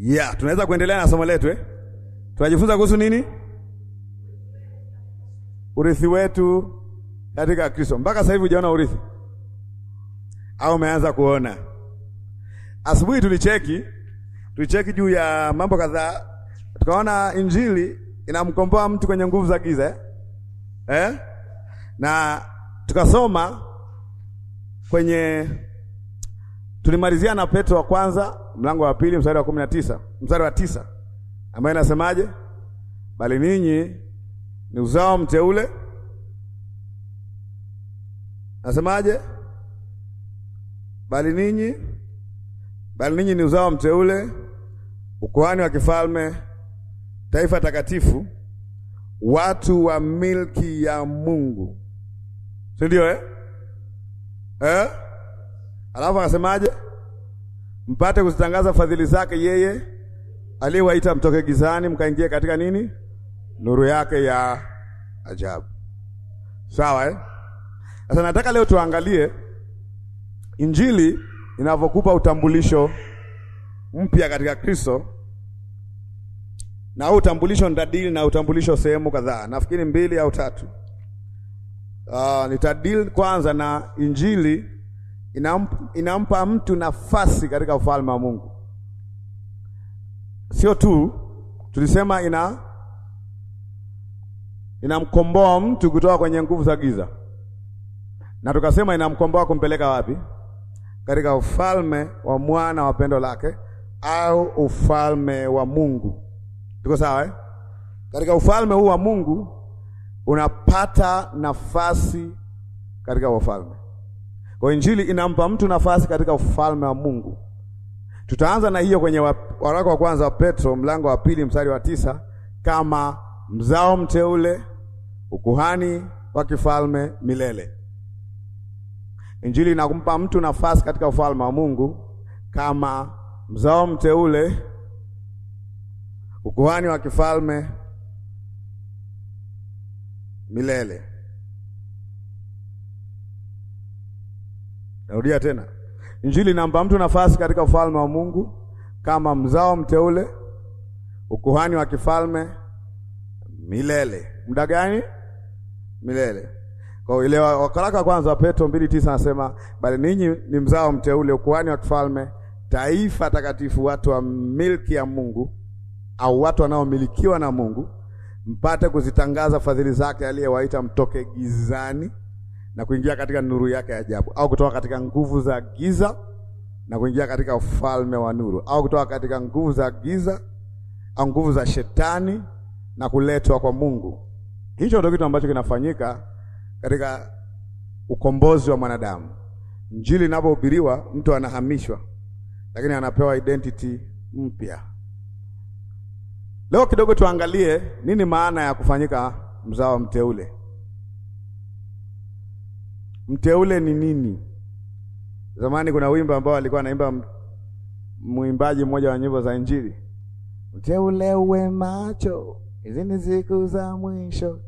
Yeah, tunaweza kuendelea na somo letu eh? Tunajifunza kuhusu nini? Urithi wetu katika Kristo. Mpaka sasa hivi hujaona urithi au umeanza kuona? Asubuhi tulicheki tulicheki juu ya mambo kadhaa, tukaona injili inamkomboa mtu kwenye nguvu za giza eh? Eh? na tukasoma kwenye tulimalizia na Petro wa kwanza mlango wa pili mstari wa kumi na tisa mstari wa tisa ambayo inasemaje? Bali ninyi ni uzao mteule, nasemaje? Bali ninyi bali ninyi ni uzao mteule, ukuhani wa kifalme, taifa takatifu, watu wa milki ya Mungu, si ndio eh? Eh? Alafu akasemaje? mpate kuzitangaza fadhili zake yeye aliyewaita mtoke gizani mkaingia katika nini, nuru yake ya ajabu. Sawa eh? Sasa nataka leo tuangalie injili inavyokupa utambulisho mpya katika Kristo, na huu utambulisho nitadili na utambulisho sehemu kadhaa, nafikiri mbili au tatu. Uh, nitadili kwanza na injili inampa, mtu nafasi katika ufalme wa Mungu. Sio tu tulisema ina inamkomboa mtu kutoka kwenye nguvu za giza, na tukasema inamkomboa kumpeleka wapi? Katika ufalme wa mwana wa pendo lake au ufalme wa Mungu. Tuko sawa eh? Katika ufalme huu wa Mungu unapata nafasi katika ufalme kwa injili inampa mtu nafasi katika ufalme wa Mungu. Tutaanza na hiyo kwenye waraka wa kwanza wa Petro mlango wa pili mstari wa tisa kama mzao mteule, ukuhani wa kifalme milele. Injili inakumpa mtu nafasi katika ufalme wa Mungu kama mzao mteule, ukuhani wa kifalme milele. Narudia tena, injili inampa mtu nafasi katika ufalme wa Mungu kama mzao mteule, ukuhani wa kifalme milele. Muda gani? Milele. Kwa ile wakaraka kwanza Petro 2:9 anasema bali ninyi ni mzao mteule, ukuhani wa kifalme, taifa takatifu, watu wa milki ya Mungu au watu wanaomilikiwa na Mungu, mpate kuzitangaza fadhili zake aliyewaita mtoke gizani na kuingia katika nuru yake ya ajabu, au kutoka katika nguvu za giza na kuingia katika ufalme wa nuru, au kutoka katika nguvu za giza au nguvu za shetani na kuletwa kwa Mungu. Hicho ndio kitu ambacho kinafanyika katika ukombozi wa mwanadamu. Njili inapohubiriwa, mtu anahamishwa, lakini anapewa identity mpya. Leo kidogo tuangalie nini maana ya kufanyika mzao mteule. Mteule ni nini? Zamani kuna wimbo ambao alikuwa anaimba mwimbaji mmoja wa nyimbo za Injili, mteule uwe macho, hizi ni siku za mwisho.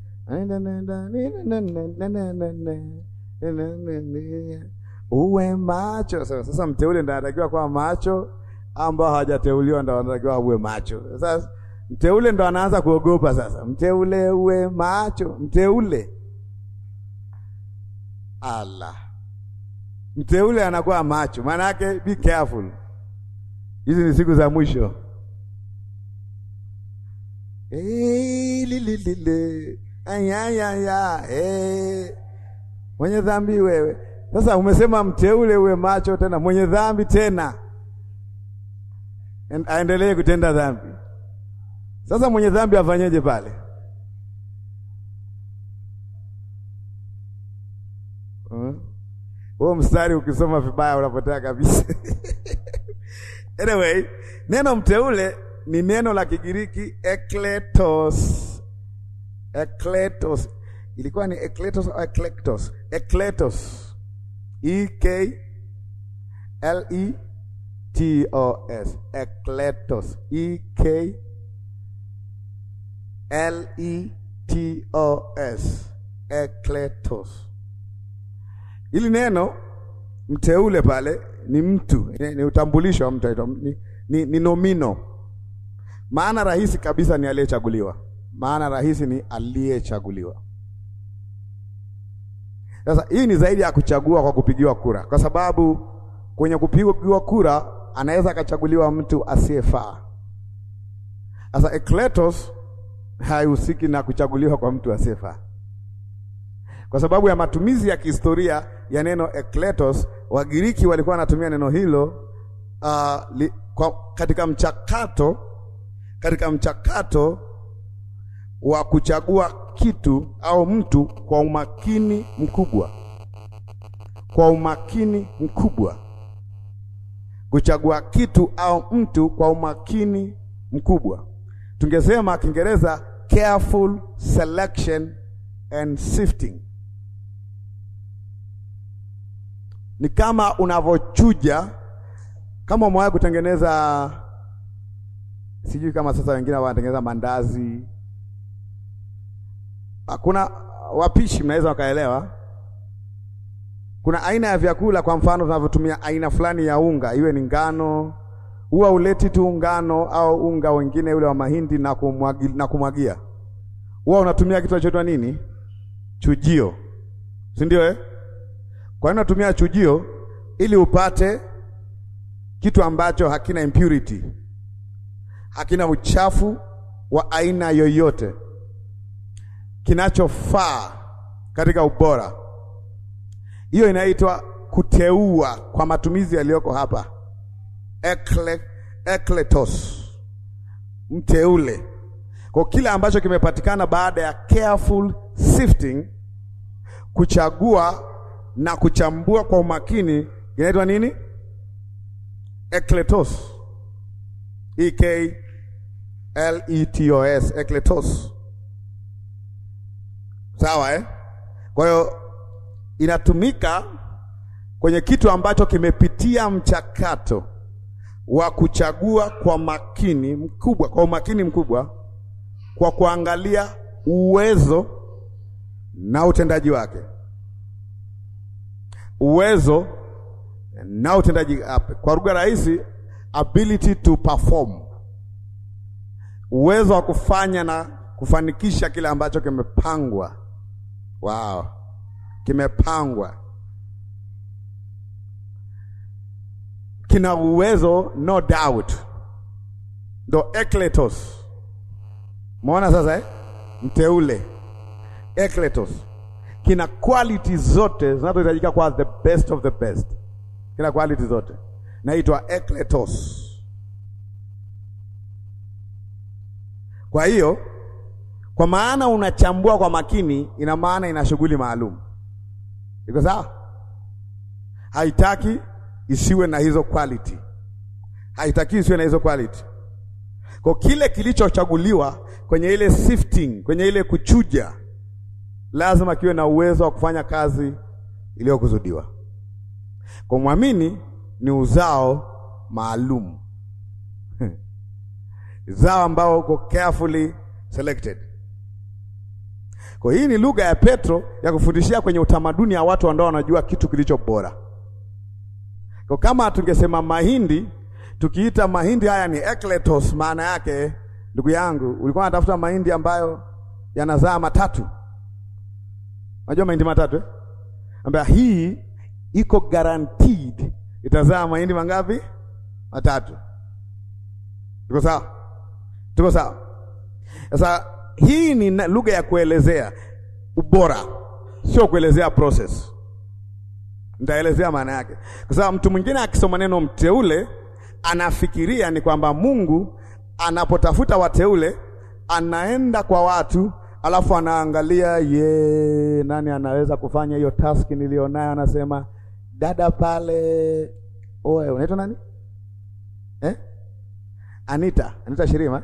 Uwe macho. Sasa mteule ndio anatakiwa kuwa macho, ambao hawajateuliwa ndio wanatakiwa uwe macho. Sasa mteule ndo anaanza kuogopa sasa. Mteule uwe macho, mteule Allah. Mteule anakuwa macho, maana yake be careful. Hizi ni siku za mwisho. Eh, lililile ayayaya eh. Mwenye dhambi wewe sasa, umesema mteule uwe macho, tena mwenye dhambi tena aendelee kutenda dhambi. Sasa mwenye dhambi afanyeje pale? mstari ukisoma vibaya unapotea kabisa. Anyway, neno mteule ni neno la Kigiriki ekletos. Ekletos ilikuwa ni ekletos au eklektos? Ekletos, E K L E T O S, ekletos, E K L E T O S, ekletos. Ili neno Mteule pale ni mtu, eh, ni utambulisho wa mtu, ni, ni, ni nomino. Maana rahisi kabisa ni aliyechaguliwa. Maana rahisi ni aliyechaguliwa. Sasa hii ni zaidi ya kuchagua kwa kupigiwa kura, kwa sababu kwenye kupigiwa kura anaweza akachaguliwa mtu asiyefaa. Sasa ekletos haihusiki na kuchaguliwa kwa mtu asiyefaa kwa sababu ya matumizi ya kihistoria ya neno ekletos. Wagiriki walikuwa wanatumia neno hilo uh, li, kwa, katika mchakato katika mchakato wa kuchagua kitu au mtu kwa umakini mkubwa, kwa umakini mkubwa, kuchagua kitu au mtu kwa umakini mkubwa. Tungesema Kiingereza careful selection and sifting. ni kama unavochuja Kama umewahi kutengeneza, sijui kama sasa wengine wanatengeneza mandazi, kuna wapishi mnaweza wakaelewa. Kuna aina ya vyakula, kwa mfano tunavyotumia aina fulani ya unga, iwe ni ngano, huwa uleti tu ngano au unga wengine ule wa mahindi na kumwagi, na kumwagia, huwa unatumia kitu kinachoitwa nini, chujio, si ndio eh? Kwa hiyo natumia chujio ili upate kitu ambacho hakina impurity, hakina uchafu wa aina yoyote, kinachofaa katika ubora. Hiyo inaitwa kuteua kwa matumizi yaliyoko hapa, ekle, ekletos, mteule kwa kila ambacho kimepatikana baada ya careful sifting, kuchagua na kuchambua kwa umakini inaitwa nini? Ekletos, E K L E T O S, ekletos. Sawa eh? Kwa hiyo inatumika kwenye kitu ambacho kimepitia mchakato wa kuchagua kwa makini mkubwa, kwa umakini mkubwa, kwa kuangalia uwezo na utendaji wake uwezo na utendaji, uh, kwa lugha rahisi, ability to perform, uwezo wa kufanya na kufanikisha kile ambacho kimepangwa. Wow, kimepangwa, kina uwezo, no doubt, ndo ekletos. Muona sasa eh? Mteule ekletos kina quality zote zinazohitajika kwa the best of the best, kina quality zote, naitwa ekletos. Kwa hiyo kwa maana unachambua kwa makini, ina maana ina shughuli maalum. Iko sawa? Haitaki isiwe na hizo quality, haitaki isiwe na hizo quality. Kwa kile kilichochaguliwa kwenye ile sifting, kwenye ile kuchuja lazima kiwe na uwezo wa kufanya kazi iliyokusudiwa. Kwa mwamini ni uzao maalum zao ambao uko carefully selected. Kwa hii ni lugha ya Petro ya kufundishia kwenye utamaduni ya watu ambao wanajua kitu kilicho bora. Kwa kama tungesema mahindi, tukiita mahindi haya ni ekletos, maana yake ndugu yangu, ulikuwa unatafuta mahindi ambayo yanazaa matatu Unajua mahindi matatu eh? Ambaye hii iko guaranteed itazaa mahindi mangapi? Matatu. Tuko sawa? Tuko sawa? Sasa hii ni lugha ya kuelezea ubora, sio kuelezea process. Nitaelezea maana yake, kwa sababu mtu mwingine akisoma neno mteule anafikiria ni kwamba Mungu anapotafuta wateule anaenda kwa watu alafu anaangalia ye, nani anaweza kufanya hiyo taski nilionayo? Anasema dada pale, oe, unaitwa nani eh? Anita, Anita Shirima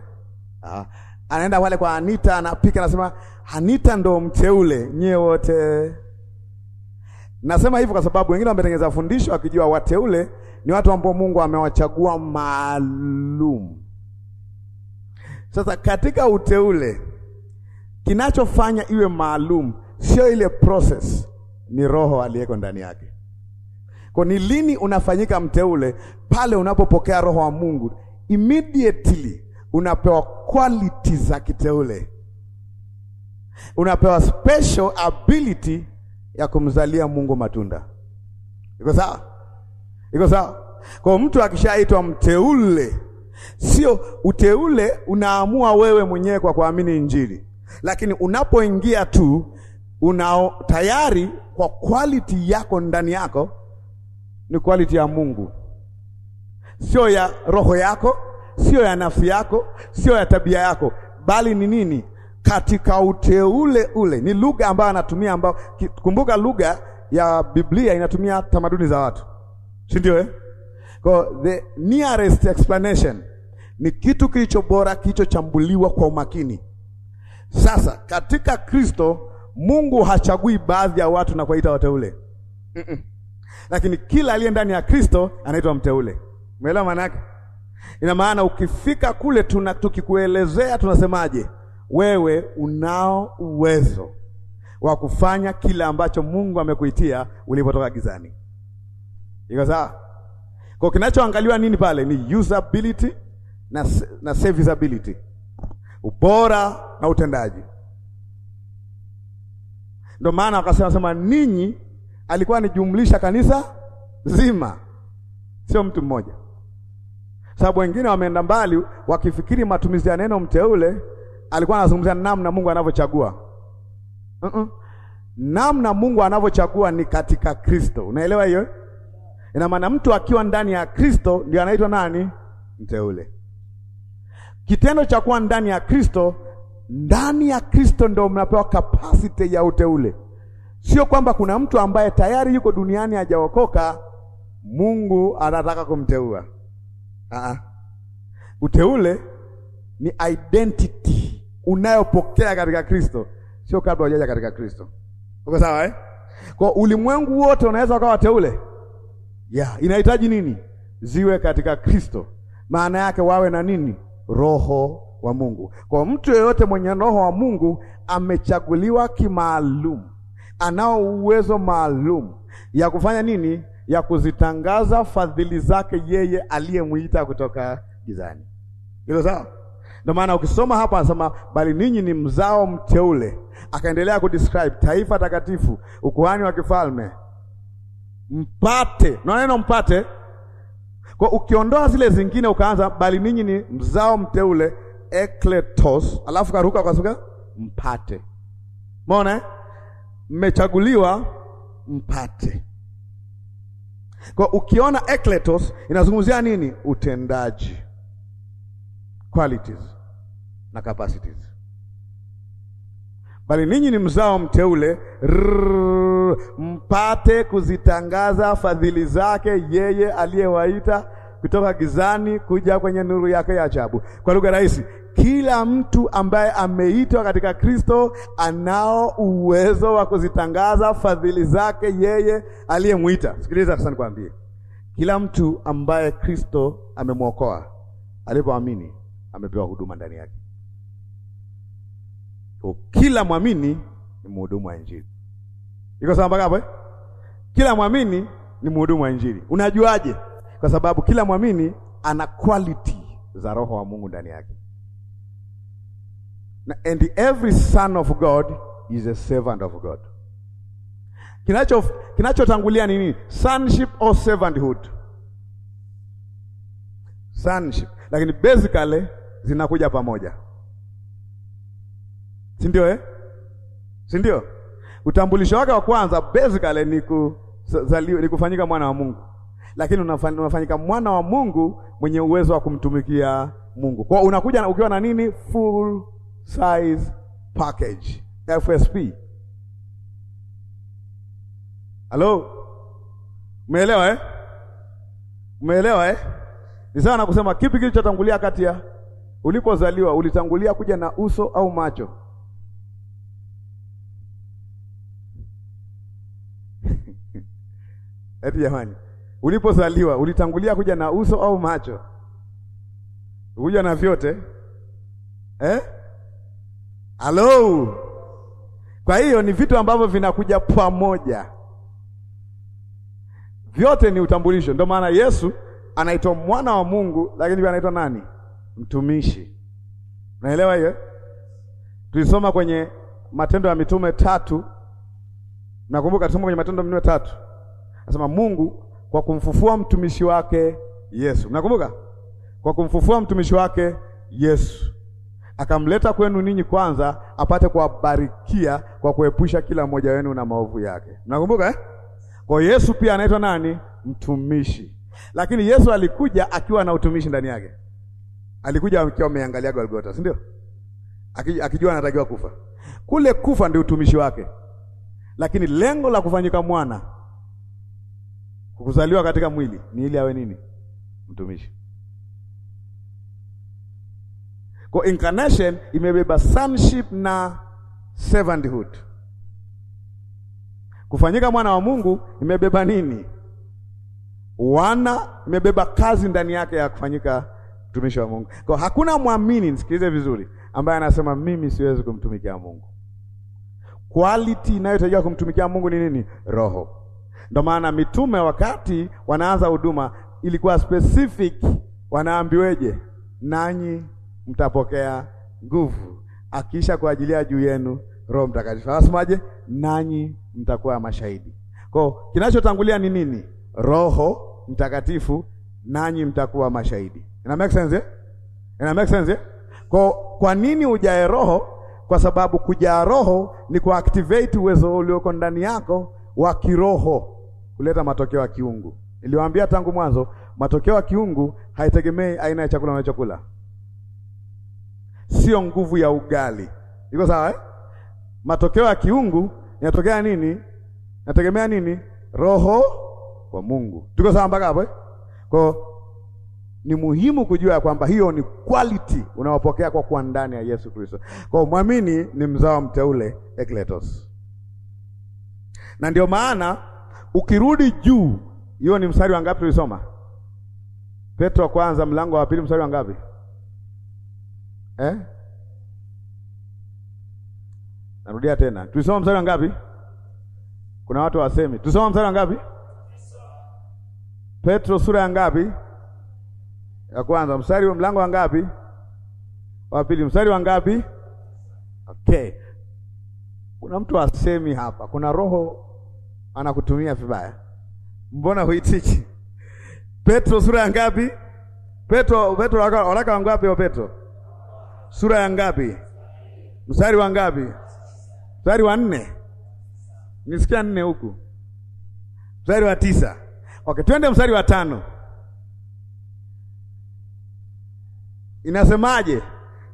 ah. Anaenda pale kwa Anita, anapika, anasema Anita ndo mteule nyie wote. Nasema hivyo kwa sababu wengine wametengeneza fundisho akijua wateule ni watu ambao Mungu amewachagua maalum. Sasa katika uteule Kinachofanya iwe maalum sio ile process, ni Roho aliyeko ndani yake. Kwa ni lini unafanyika mteule? Pale unapopokea Roho wa Mungu, immediately unapewa quality za kiteule, unapewa special ability ya kumzalia Mungu matunda. Iko sawa? Iko sawa? Kwa mtu akishaitwa mteule, sio uteule unaamua wewe mwenyewe kwa kuamini Injili lakini unapoingia tu unao tayari kwa quality yako ndani yako ni quality ya Mungu, sio ya roho yako, sio ya nafsi yako, sio ya tabia yako, bali ni nini? Katika uteule ule. Ni lugha ambayo anatumia ambayo, kumbuka lugha ya Biblia inatumia tamaduni za watu, si ndio eh? kwa the nearest explanation ni kitu kilicho bora kilichochambuliwa kwa umakini sasa katika Kristo Mungu hachagui baadhi ya watu na kuwaita wateule mm -mm. Lakini kila aliye ndani ya Kristo anaitwa mteule. Umeelewa maana yake? Ina maana ukifika kule tuna, tukikuelezea tunasemaje? Wewe unao uwezo wa kufanya kile ambacho Mungu amekuitia ulipotoka gizani. Iko sawa? Kwa kinachoangaliwa nini pale ni usability na, na serviceability ubora na utendaji. Ndio maana wakasema sema ninyi, alikuwa anijumlisha kanisa zima, sio mtu mmoja, sababu wengine wameenda mbali wakifikiri matumizi ya neno mteule alikuwa anazungumzia namna Mungu anavyochagua mm -mm. Namna Mungu anavyochagua ni katika Kristo. Unaelewa hiyo? Ina maana mtu akiwa ndani ya Kristo ndio anaitwa nani? Mteule. Kitendo cha kuwa ndani ya Kristo, ndani ya Kristo ndio mnapewa capacity ya uteule. Sio kwamba kuna mtu ambaye tayari yuko duniani hajaokoka, Mungu anataka kumteua. Aa. Uteule ni identity unayopokea katika Kristo, sio kabla hujaja katika Kristo. Uko sawa eh? Kwa ulimwengu wote unaweza ukawa teule ya yeah. Inahitaji nini? Ziwe katika Kristo, maana yake wawe na nini? roho wa Mungu. Kwa mtu yeyote mwenye roho wa Mungu amechaguliwa kimaalum, anao uwezo maalum ya kufanya nini? Ya kuzitangaza fadhili zake yeye aliyemwita kutoka gizani. Hilo sawa? Ndio maana ukisoma hapa anasema bali ninyi ni mzao mteule, akaendelea kudescribe taifa takatifu, ukuhani wa kifalme, mpate na neno mpate kwa ukiondoa zile zingine ukaanza bali ninyi ni mzao mteule ekletos, alafu karuka ukasuka mpate. Umeona, eh? mmechaguliwa mpate. Kwa ukiona ekletos inazungumzia nini? Utendaji, qualities na capacities bali ninyi ni mzao mteule rrr, mpate kuzitangaza fadhili zake yeye aliyewaita kutoka gizani kuja kwenye nuru yake ya ajabu. Kwa lugha rahisi, kila mtu ambaye ameitwa katika Kristo anao uwezo wa kuzitangaza fadhili zake yeye aliyemwita. Sikiliza sasa, nikwambie, kila mtu ambaye Kristo amemwokoa alipoamini amepewa huduma ndani yake. Kwa kila mwamini ni mhudumu wa Injili. Iko sawa mpaka hapo eh? Kila mwamini ni mhudumu wa Injili. Unajuaje? Kwa sababu kila mwamini ana quality za roho wa Mungu ndani yake. Na and every son of God is a servant of God. Kinacho kinachotangulia nini? Sonship or servanthood? Sonship. Lakini basically zinakuja pamoja si ndio eh? si ndio? Utambulisho wake wa kwanza basically ni kuzaliwa, ni kufanyika mwana wa Mungu, lakini unafanyika mwana wa Mungu mwenye uwezo wa kumtumikia Mungu. Kwa unakuja ukiwa na nini? Full size package FSP. Halo, umeelewa eh? Umeelewa eh? Ni sawa na kusema kipi kilichotangulia kati ya ulipozaliwa ulitangulia kuja na uso au macho? Eti eh, jamani, ulipozaliwa ulitangulia kuja na uso au macho? Kuja na vyote eh? Hello. Kwa hiyo ni vitu ambavyo vinakuja pamoja, vyote ni utambulisho. Ndio maana Yesu anaitwa mwana wa Mungu, lakini pia anaitwa nani? Mtumishi. Unaelewa hiyo. Tulisoma kwenye Matendo ya Mitume tatu, nakumbuka tusoma kwenye Matendo ya Mitume tatu Anasema Mungu kwa kumfufua mtumishi wake Yesu, mnakumbuka? Kwa kumfufua mtumishi wake Yesu akamleta kwenu ninyi kwanza, apate kuwabarikia kwa kuepusha kila mmoja wenu na maovu yake. Mnakumbuka eh? Kwa Yesu pia anaitwa nani? Mtumishi. Lakini Yesu alikuja akiwa na utumishi ndani yake, alikuja akiwa ameangalia Golgotha, si ndio? Akijua anatakiwa kufa kule, kufa ndio utumishi wake, lakini lengo la kufanyika mwana Kukuzaliwa katika mwili ni ili awe nini? Mtumishi. Kwa incarnation imebeba sonship na servanthood. Kufanyika mwana wa Mungu imebeba nini? Wana imebeba kazi ndani yake ya kufanyika mtumishi wa Mungu. Kwa hakuna mwamini, nisikilize vizuri, ambaye anasema mimi siwezi kumtumikia Mungu. Quality inayotajwa kumtumikia Mungu ni nini? Roho. Ndio maana mitume wakati wanaanza huduma ilikuwa specific, wanaambiweje? Nanyi mtapokea nguvu akiisha kuajilia juu yenu Roho Mtakatifu. Anasemaje? Nanyi mtakuwa mashahidi. Kwa kinachotangulia ni nini? Roho Mtakatifu, nanyi mtakuwa mashahidi. Ina make sense eh? Ina make sense eh? Kwa, kwa nini ujae Roho? Kwa sababu kujaa Roho ni kuactivate uwezo ulioko ndani yako wa kiroho huleta matokeo ya kiungu. Niliwaambia tangu mwanzo, matokeo ya kiungu haitegemei aina ya chakula unachokula, sio nguvu ya ugali. Iko sawa eh? Matokeo ya kiungu yanatokea nini? Nategemea nini? Roho wa Mungu. Tuko sawa mpaka hapo eh? Kwa ni muhimu kujua ya kwamba hiyo ni quality unaopokea kwa kuwa ndani ya Yesu Kristo. Kwa mwamini ni mzao mteule ekletos, na ndio maana Ukirudi juu, hiyo ni mstari wa ngapi tulisoma? Petro wa kwanza mlango wa pili mstari wa ngapi eh? Narudia tena, tulisoma mstari wa ngapi? Kuna watu wasemi, tulisoma mstari wa ngapi? Petro sura ya ngapi? Ya kwanza, mstari mlango wa ngapi? Wa pili mstari wa ngapi? Okay, kuna mtu asemi hapa, kuna roho anakutumia vibaya, mbona huitiki? Petro sura ya ngapi? Petro, Petro waraka wa ngapi wa Petro? Sura ya ngapi? Mstari wa ngapi? Mstari wa nne, nisikia nne huku, mstari wa tisa. Okay, twende mstari wa tano. Inasemaje?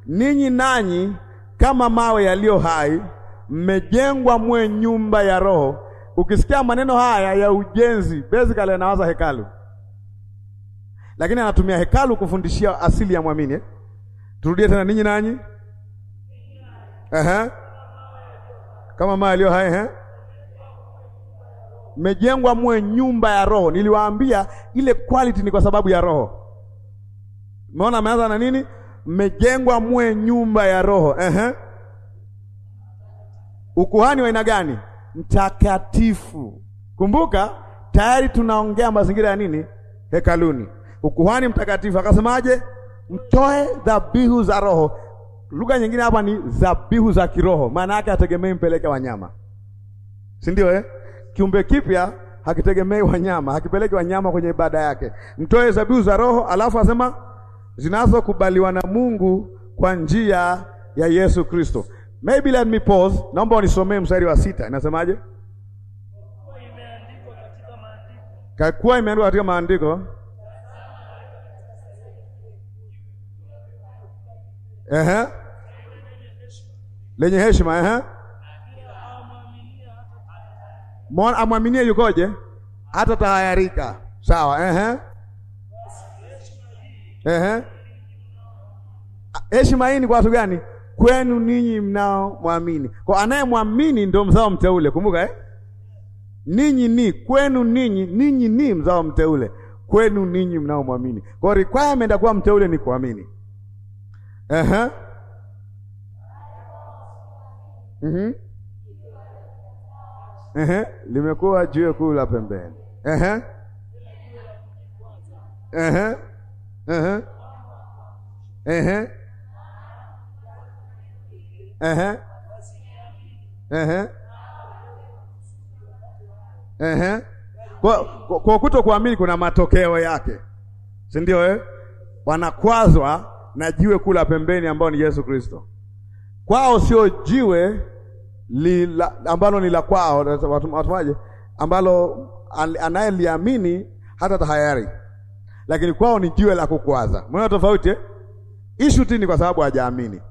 Ninyi nanyi kama mawe yaliyo hai, mmejengwa mwe nyumba ya roho Ukisikia maneno haya ya ujenzi, basically anawaza hekalu, lakini anatumia hekalu kufundishia asili ya mwamini Turudie tena, ninyi nanyi Aha. Kama maa aliyo hai eh? Mmejengwa muwe nyumba ya roho. Niliwaambia ile quality ni kwa sababu ya roho. Umeona ameanza na nini? Mmejengwa muwe nyumba ya roho. Aha. Ukuhani wa aina gani? mtakatifu. Kumbuka tayari tunaongea mazingira ya nini? Hekaluni, ukuhani mtakatifu. Akasemaje? Mtoe dhabihu za roho. Lugha nyingine hapa ni dhabihu za kiroho, maana yake hategemei mpeleke wanyama, si ndio eh? Kiumbe kipya hakitegemei wanyama, hakipeleki wanyama kwenye ibada yake. Mtoe dhabihu za roho, alafu asema zinazokubaliwa na Mungu kwa njia ya Yesu Kristo. Maybe let me pause. Naomba unisomee mstari wa sita, inasemaje? Kakuwa imeandikwa katika maandiko Eh? Lenye heshima eh? Mwana amwaminie yukoje? Hata tahayarika. Sawa, eh? Eh? Heshima hii ni kwa watu gani? kwenu ninyi mnao mwamini. Kwa anayemwamini ndio mzao mteule, kumbuka eh? Ninyi ni kwenu ninyi, ninyi ni mzao mteule kwenu ninyi mwamini. Kwa requirement ya kuwa mteule ni kuamini. eh. Mhm. eh, limekuwa jiwe kuu la pembeni. Eh eh. Eh eh. Uhum. Uhum. Uhum. Kwa, kwa, kwa kutokuamini kuna matokeo yake, si ndio eh? Wanakwazwa na jiwe kula pembeni ambao ni Yesu Kristo. Kwao sio jiwe la, ambalo ni la kwao watumaje, ambalo anayeliamini hata tahayari, lakini kwao ni jiwe la kukwaza. Mwana tofauti eh? Ishu tini kwa sababu hajaamini.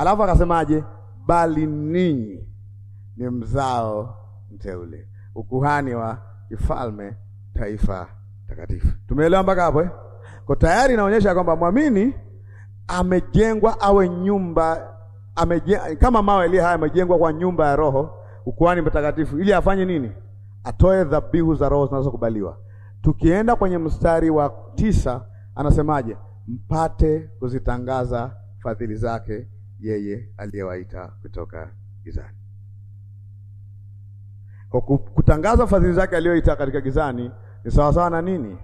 Alafu akasemaje? Bali ninyi ni mzao mteule, ukuhani wa kifalme, taifa takatifu. Tumeelewa mpaka hapo eh? Kwa tayari inaonyesha kwamba mwamini amejengwa awe nyumba amejengwa, kama mawe ile haya amejengwa kwa nyumba ya Roho, ukuhani mtakatifu, ili afanye nini? Atoe dhabihu za roho zinazokubaliwa. Tukienda kwenye mstari wa tisa, anasemaje? Mpate kuzitangaza fadhili zake yeye aliyewaita kutoka gizani. Kwa kutangaza fadhili zake aliyoita katika gizani ni sawasawa na nini?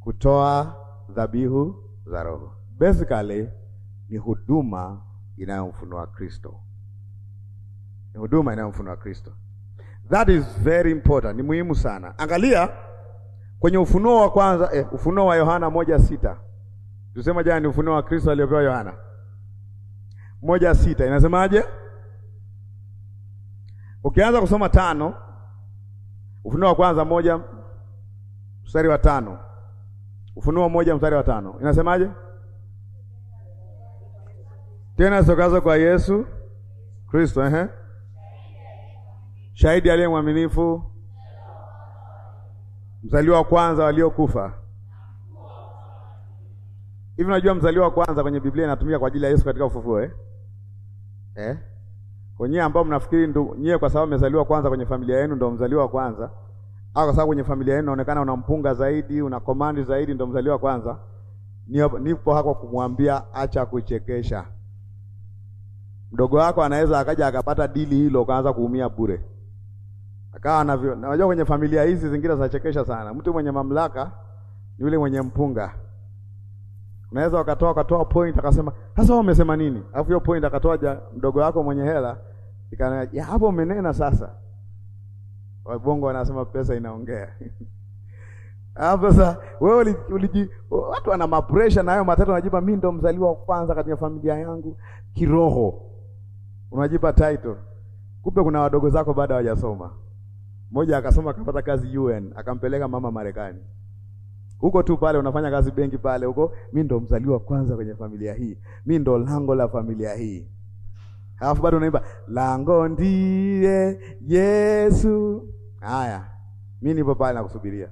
Kutoa dhabihu za Roho. Basically ni huduma inayomfunua Kristo, ni huduma inayomfunua Kristo. That is very important, ni muhimu sana. Angalia kwenye Ufunuo wa kwanza eh, Ufunuo wa Yohana moja sita tusema jana ni ufunuo wa Kristo aliyopewa Yohana moja sita inasemaje? Ukianza kusoma tano, Ufunuo wa kwanza moja mstari wa tano, Ufunuo moja mstari wa tano inasemaje? Tena sokazo kwa Yesu Kristo, ehe, shahidi aliye mwaminifu, mzaliwa wa kwanza waliokufa. Hivi unajua mzaliwa wa kwanza kwenye Biblia inatumika kwa ajili ya Yesu katika ufufuo eh? eh? Kwa nyie ambao mnafikiri ndio nyie, kwa sababu mmezaliwa kwanza kwenye familia yenu ndio mzaliwa wa kwanza, au kwa sababu kwenye familia yenu una unampunga zaidi, una command zaidi, ndio mzaliwa wa kwanza, nipo hapa kumwambia acha kuchekesha. Mdogo wako anaweza akaja akapata dili hilo, kaanza kuumia bure, akawa anavyo. Unajua, kwenye familia hizi zingine zinachekesha sana. Mtu mwenye mamlaka yule mwenye mpunga Unaweza wakatoa wakatoa point akasema, sasa wao wamesema nini? Alafu hiyo point akatoa ja mdogo wako mwenye hela ikana ya hapo umenena sasa. Wabongo wanasema pesa inaongea. Hapo sasa wewe uliji watu wana mapresha na hayo matatu wanajipa, mimi ndo mzaliwa wa kwanza katika familia yangu kiroho. Unajipa title. Kumbe kuna wadogo zako bado hawajasoma. Mmoja akasoma akapata kazi UN, akampeleka mama Marekani huko tu pale unafanya kazi benki pale huko, mi ndo mzaliwa kwanza kwenye familia hii, mi ndo lango la familia hii, alafu bado unaimba lango ndiye Yesu. Haya, mi nipo pale nakusubiria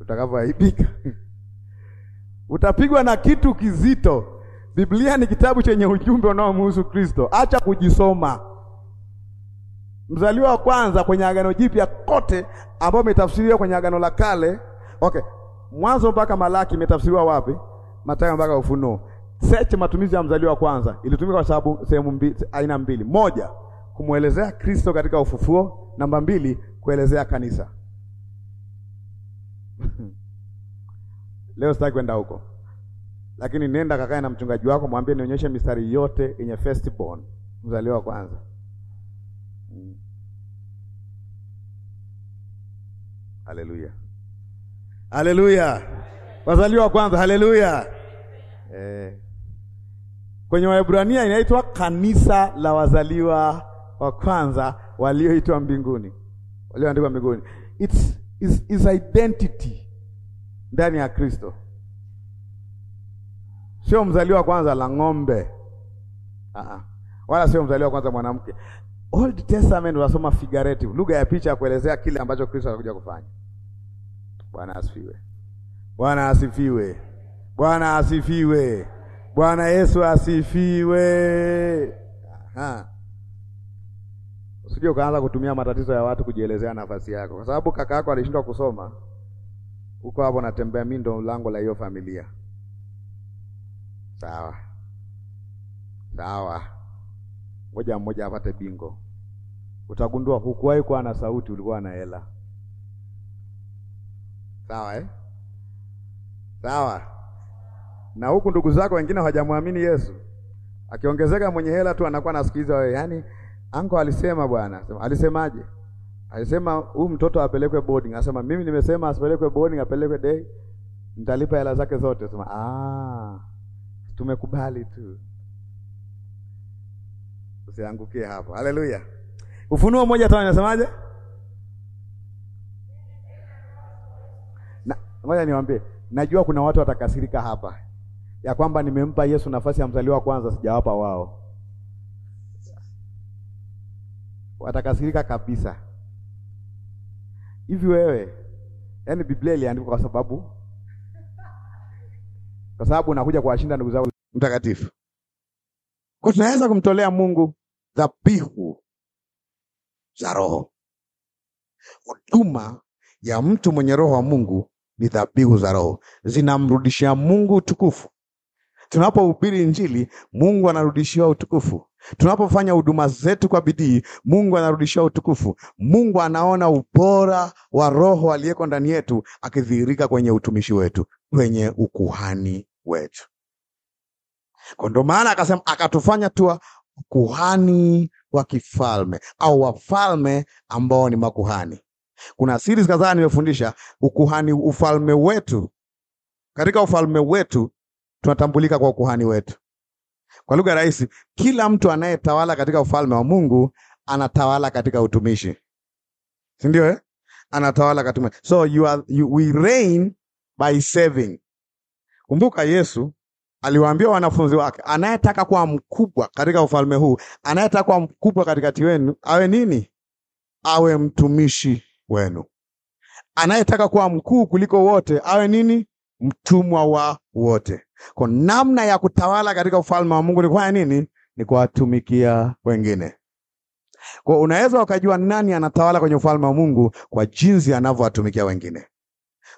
utakapoaibika utapigwa na kitu kizito. Biblia ni kitabu chenye ujumbe unaomhusu Kristo. Acha kujisoma. Mzaliwa wa kwanza kwenye Agano Jipya kote, ambao umetafsiriwa kwenye Agano la Kale. Okay, Mwanzo mpaka Malaki imetafsiriwa wapi? Mathayo mpaka Ufunuo. Search matumizi ya mzaliwa wa kwanza ilitumika kwa sababu sehemu mbili, aina mbili. Moja, kumwelezea Kristo katika ufufuo, namba mbili, kuelezea kanisa. Leo sitaki kwenda huko. Lakini nenda kakae na mchungaji wako, mwambie nionyeshe mistari yote yenye firstborn, mzaliwa wa kwanza. Mm. Haleluya. Haleluya, wazaliwa kwanza. Haleluya. Eh, kwenye Waebrania inaitwa kanisa la wazaliwa wa kwanza walioitwa mbinguni, walioandikwa mbinguni. It's is, is identity ndani ya Kristo, sio mzaliwa wa kwanza la ng'ombe uh-uh. wala sio mzaliwa wa kwanza mwanamke. Old Testament wasoma figurative, lugha ya picha ya kuelezea kile ambacho Kristo alikuja kufanya. Bwana asifiwe! Bwana asifiwe! Bwana asifiwe! Bwana Yesu asifiwe! Aha. Usije ukaanza kutumia matatizo ya watu kujielezea nafasi yako, kwa sababu kaka yako alishindwa kusoma, huko hapo natembea, mimi ndo lango la hiyo familia. Sawa sawa, moja mmoja apate bingo, utagundua hukuwahi kuwa na sauti, ulikuwa na hela. Sawa eh? Sawa. Na huku ndugu zako wengine hawajamwamini Yesu, akiongezeka mwenye hela tu anakuwa anasikiliza wewe, yaani anko alisema bwana, alisemaje? Alisema huyu mtoto apelekwe boarding. Anasema mimi nimesema asipelekwe boarding, apelekwe day, nitalipa hela zake zote. Sema ah, tumekubali tu, usiangukie hapo. Haleluya! Ufunuo moja tano inasemaje? Ngoja niwaambie, najua kuna watu watakasirika hapa ya kwamba nimempa Yesu nafasi ya mzaliwa kwanza, sijawapa wao. Watakasirika kabisa. Hivi wewe, yaani Biblia iliandikwa kwa sababu kwa sababu unakuja kuwashinda ndugu zao mtakatifu. Kwa tunaweza kumtolea Mungu dhabihu za roho. Huduma ya mtu mwenye roho wa Mungu ni dhabihu za Roho, zinamrudishia Mungu utukufu. Tunapohubiri Injili, Mungu anarudishiwa utukufu. Tunapofanya huduma zetu kwa bidii, Mungu anarudishiwa utukufu. Mungu anaona ubora wa Roho aliyeko ndani yetu akidhihirika kwenye utumishi wetu, kwenye ukuhani wetu. Kwa ndo maana akasema, akatufanya tuwa kuhani wa kifalme au wafalme ambao ni makuhani. Kuna siri kadhaa nimefundisha. Ukuhani, ufalme wetu, katika ufalme wetu tunatambulika kwa ukuhani wetu. Kwa lugha rahisi, kila mtu anayetawala katika ufalme wa Mungu anatawala katika utumishi, si ndio eh? Anatawala katika so you are, you, we reign by serving. Kumbuka Yesu aliwaambia wanafunzi wake, anayetaka kuwa mkubwa katika ufalme huu, anayetaka kuwa mkubwa katikati wenu awe nini? Awe mtumishi wenu. Anayetaka kuwa mkuu kuliko wote awe nini? Mtumwa wa wote. Kwa namna ya kutawala katika ufalme wa Mungu ni kufanya nini? Ni kuwatumikia wengine. Kwa unaweza ukajua nani anatawala kwenye ufalme wa Mungu kwa jinsi anavyowatumikia wengine.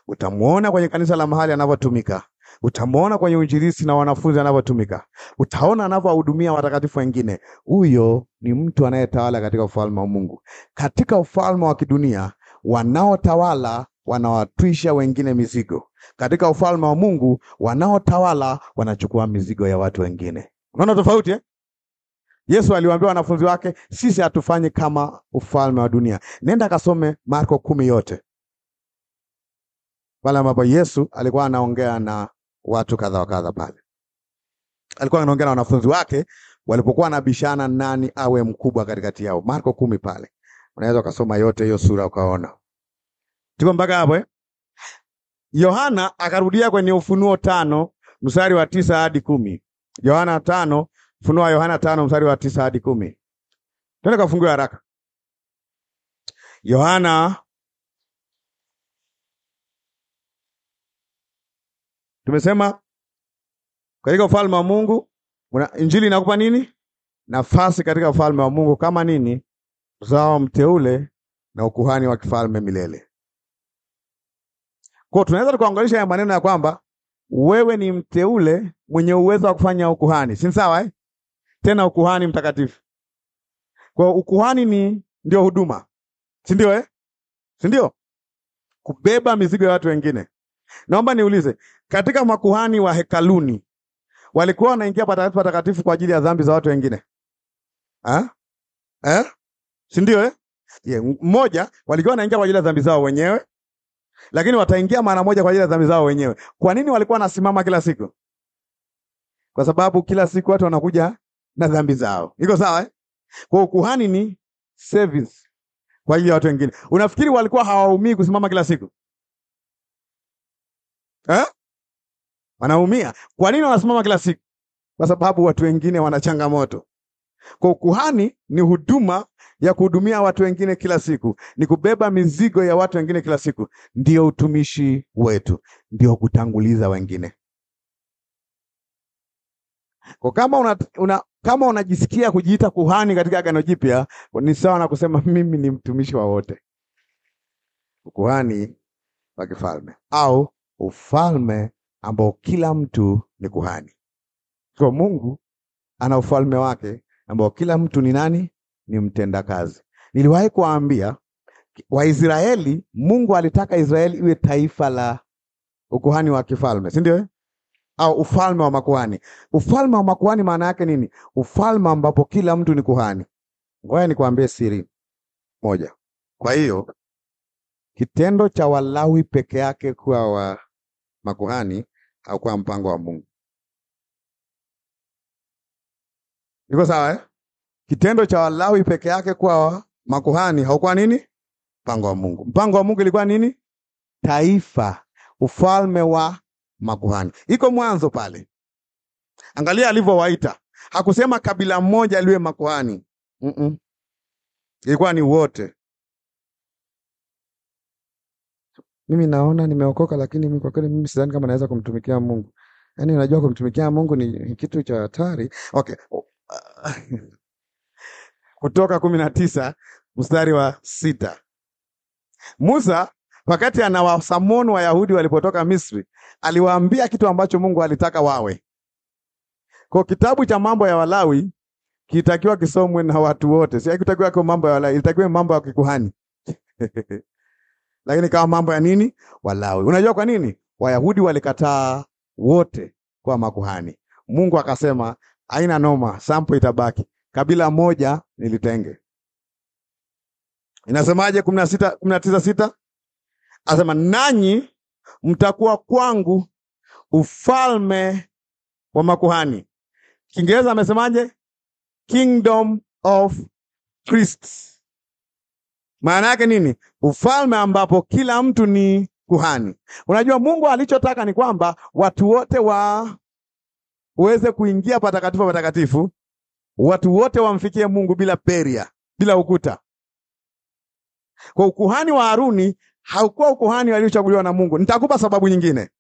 Utamwona kwenye kanisa la mahali anavyotumika, utamwona kwenye uinjilisti na wanafunzi anavyotumika, utaona anavyowahudumia watakatifu wengine. Huyo ni mtu anayetawala katika ufalme wa Mungu. Katika ufalme wa kidunia wanaotawala wanawatwisha wengine mizigo. Katika ufalme wa Mungu wanaotawala wanachukua mizigo ya watu wengine. Unaona tofauti eh? Yesu aliwaambia wanafunzi wake, sisi hatufanyi kama ufalme wa dunia. Nenda kasome Marko kumi yote pale ambapo Yesu alikuwa anaongea na watu kadha wa kadha. Pale alikuwa anaongea na wanafunzi wake walipokuwa wanabishana nani awe mkubwa katikati yao, Marko kumi pale Unaweza ukasoma yote hiyo sura ukaona. Tuko mpaka hapo eh? Yohana akarudia kwenye Ufunuo tano mstari wa tisa hadi kumi. Yohana tano, Ufunuo wa Yohana tano mstari wa tisa hadi kumi. Twende kafungua haraka. Yohana tumesema katika ufalme wa Mungu una, injili inakupa nini? Nafasi katika ufalme wa Mungu kama nini? uzao mteule na ukuhani wa kifalme milele. Kwa tunaweza tukaunganisha haya maneno ya kwamba wewe ni mteule mwenye uwezo wa kufanya ukuhani, si sawa eh? Tena ukuhani mtakatifu. Kwa ukuhani ni ndio huduma, si ndio eh? si ndio kubeba mizigo ya watu wengine. Naomba niulize, katika makuhani wa hekaluni walikuwa wanaingia patakatifu patakatifu kwa ajili ya dhambi za watu wengine ha? Ah? Ha? Eh? si ndio eh? Yeah. Mmoja walikuwa wanaingia kwa ajili ya dhambi zao wenyewe, lakini wataingia mara moja kwa ajili ya dhambi zao wenyewe. Kwa nini walikuwa wanasimama kila siku? Kwa sababu kila siku watu wanakuja na dhambi zao. Iko sawa eh? Kwa ukuhani ni service kwa ajili ya watu wengine. Unafikiri walikuwa hawaumii kusimama kila siku eh? Wanaumia. Kwa nini wanasimama kila siku? Kwa sababu watu wengine wana changamoto. Kwa kuhani ni huduma ya kuhudumia watu wengine kila siku, ni kubeba mizigo ya watu wengine kila siku. Ndio utumishi wetu, ndio kutanguliza wengine. Kwa kama una, una, kama unajisikia kujiita kuhani katika Agano Jipya ni sawa na kusema mimi ni mtumishi wa wote, ukuhani wa kifalme au ufalme ambao kila mtu ni kuhani. Kwa Mungu ana ufalme wake ambao kila mtu ni nani? ni mtendakazi. Niliwahi kuwaambia Waisraeli, Mungu alitaka Israeli iwe taifa la ukuhani wa kifalme, si ndio? Au ufalme wa makuhani. Ufalme wa makuhani maana yake nini? Ufalme ambapo kila mtu ni kuhani. Ngoja nikuambie siri moja. Kwa hiyo kitendo cha Walawi peke yake kuwa wa makuhani kwa mpango wa Mungu. Niko sawa eh? Kitendo cha Walawi peke yake kwa makuhani haukuwa nini? Mpango wa Mungu. Mpango wa Mungu ilikuwa nini? Taifa, ufalme wa makuhani. Iko mwanzo pale, angalia alivyowaita. Hakusema kabila moja liwe makuhani mm -mm. Ilikuwa ni wote. Mimi naona nimeokoka, lakini mimi kwa kweli mimi sidhani kama naweza kumtumikia Mungu. Yaani unajua kumtumikia Mungu ni kitu cha hatari okay. Kutoka kumi na tisa mstari wa sita. Musa wakati anawasamoni Wayahudi walipotoka Misri aliwaambia kitu ambacho Mungu alitaka wawe. Kwa kitabu cha mambo ya Walawi kitakiwa kisomwe na watu wote, si hakitakiwa kwa mambo ya Walawi, ilitakiwa mambo ya kikuhani lakini kama mambo ya nini Walawi. Unajua kwa nini Wayahudi walikataa wote kwa makuhani? Mungu akasema aina noma, sampo itabaki kabila moja nilitenge. Inasemaje? kumi na sita kumi na tisa sita asema nanyi mtakuwa kwangu ufalme wa makuhani. Kiingereza amesemaje? Kingdom of priests. Maana yake nini? Ufalme ambapo kila mtu ni kuhani. Unajua, Mungu alichotaka ni kwamba watu wote wa uweze kuingia patakatifu patakatifu, watu wote wamfikie Mungu bila beria, bila ukuta. Kwa ukuhani wa Haruni haukuwa ukuhani waliochaguliwa na Mungu. Nitakupa sababu nyingine.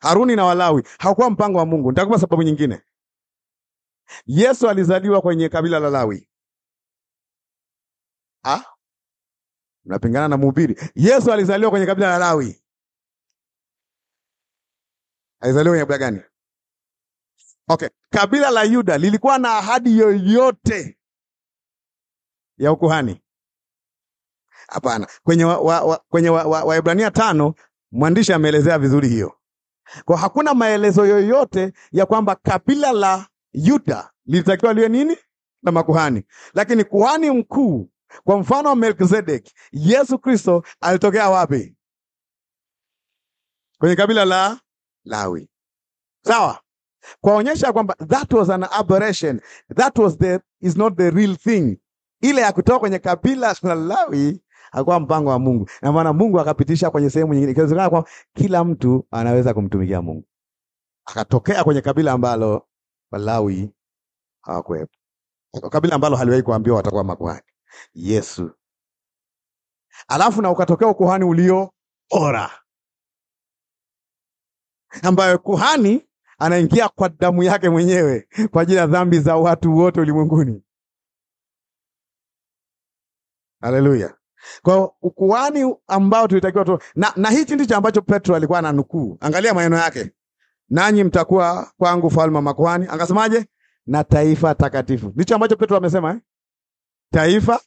Haruni na Walawi haukuwa mpango wa Mungu. Nitakupa sababu nyingine. Yesu alizaliwa kwenye kabila la Lawi. Ah? Unapingana na mhubiri. Yesu alizaliwa kwenye kabila la Lawi. Alizaliwa kwenye kabila gani? Okay, kabila la Yuda lilikuwa na ahadi yoyote ya ukuhani? Hapana. Kwenye Waebrania wa, wa, wa, wa, wa tano mwandishi ameelezea vizuri hiyo, kwa hakuna maelezo yoyote ya kwamba kabila la Yuda lilitakiwa liwe nini na makuhani, lakini kuhani mkuu kwa mfano wa Melkizedek, Yesu Kristo alitokea wapi? Kwenye kabila la Lawi, sawa? kwaonyesha kwamba that was an aberration, that was the is not the real thing. Ile ya kutoka kwenye kabila la Lawi hakuwa mpango wa Mungu, na maana Mungu akapitisha kwenye sehemu nyingine, ikiwezekana kwa kila mtu anaweza kumtumikia Mungu. Akatokea kwenye kabila ambalo Walawi hawakuwepo, kabila ambalo haliwahi kuambiwa watakuwa makuhani Yesu. Alafu na ukatokea ukuhani ulio bora, ambayo kuhani anaingia kwa damu yake mwenyewe kwa ajili ya dhambi za watu wote ulimwenguni. Haleluya! Kwa ukuani ambao tulitakiwa tu na, na hichi ndicho ambacho Petro alikuwa ananukuu. Angalia maneno yake, nanyi mtakuwa kwangu falme makuhani, angasemaje? Na taifa takatifu. Ndicho ambacho Petro amesema eh? Taifa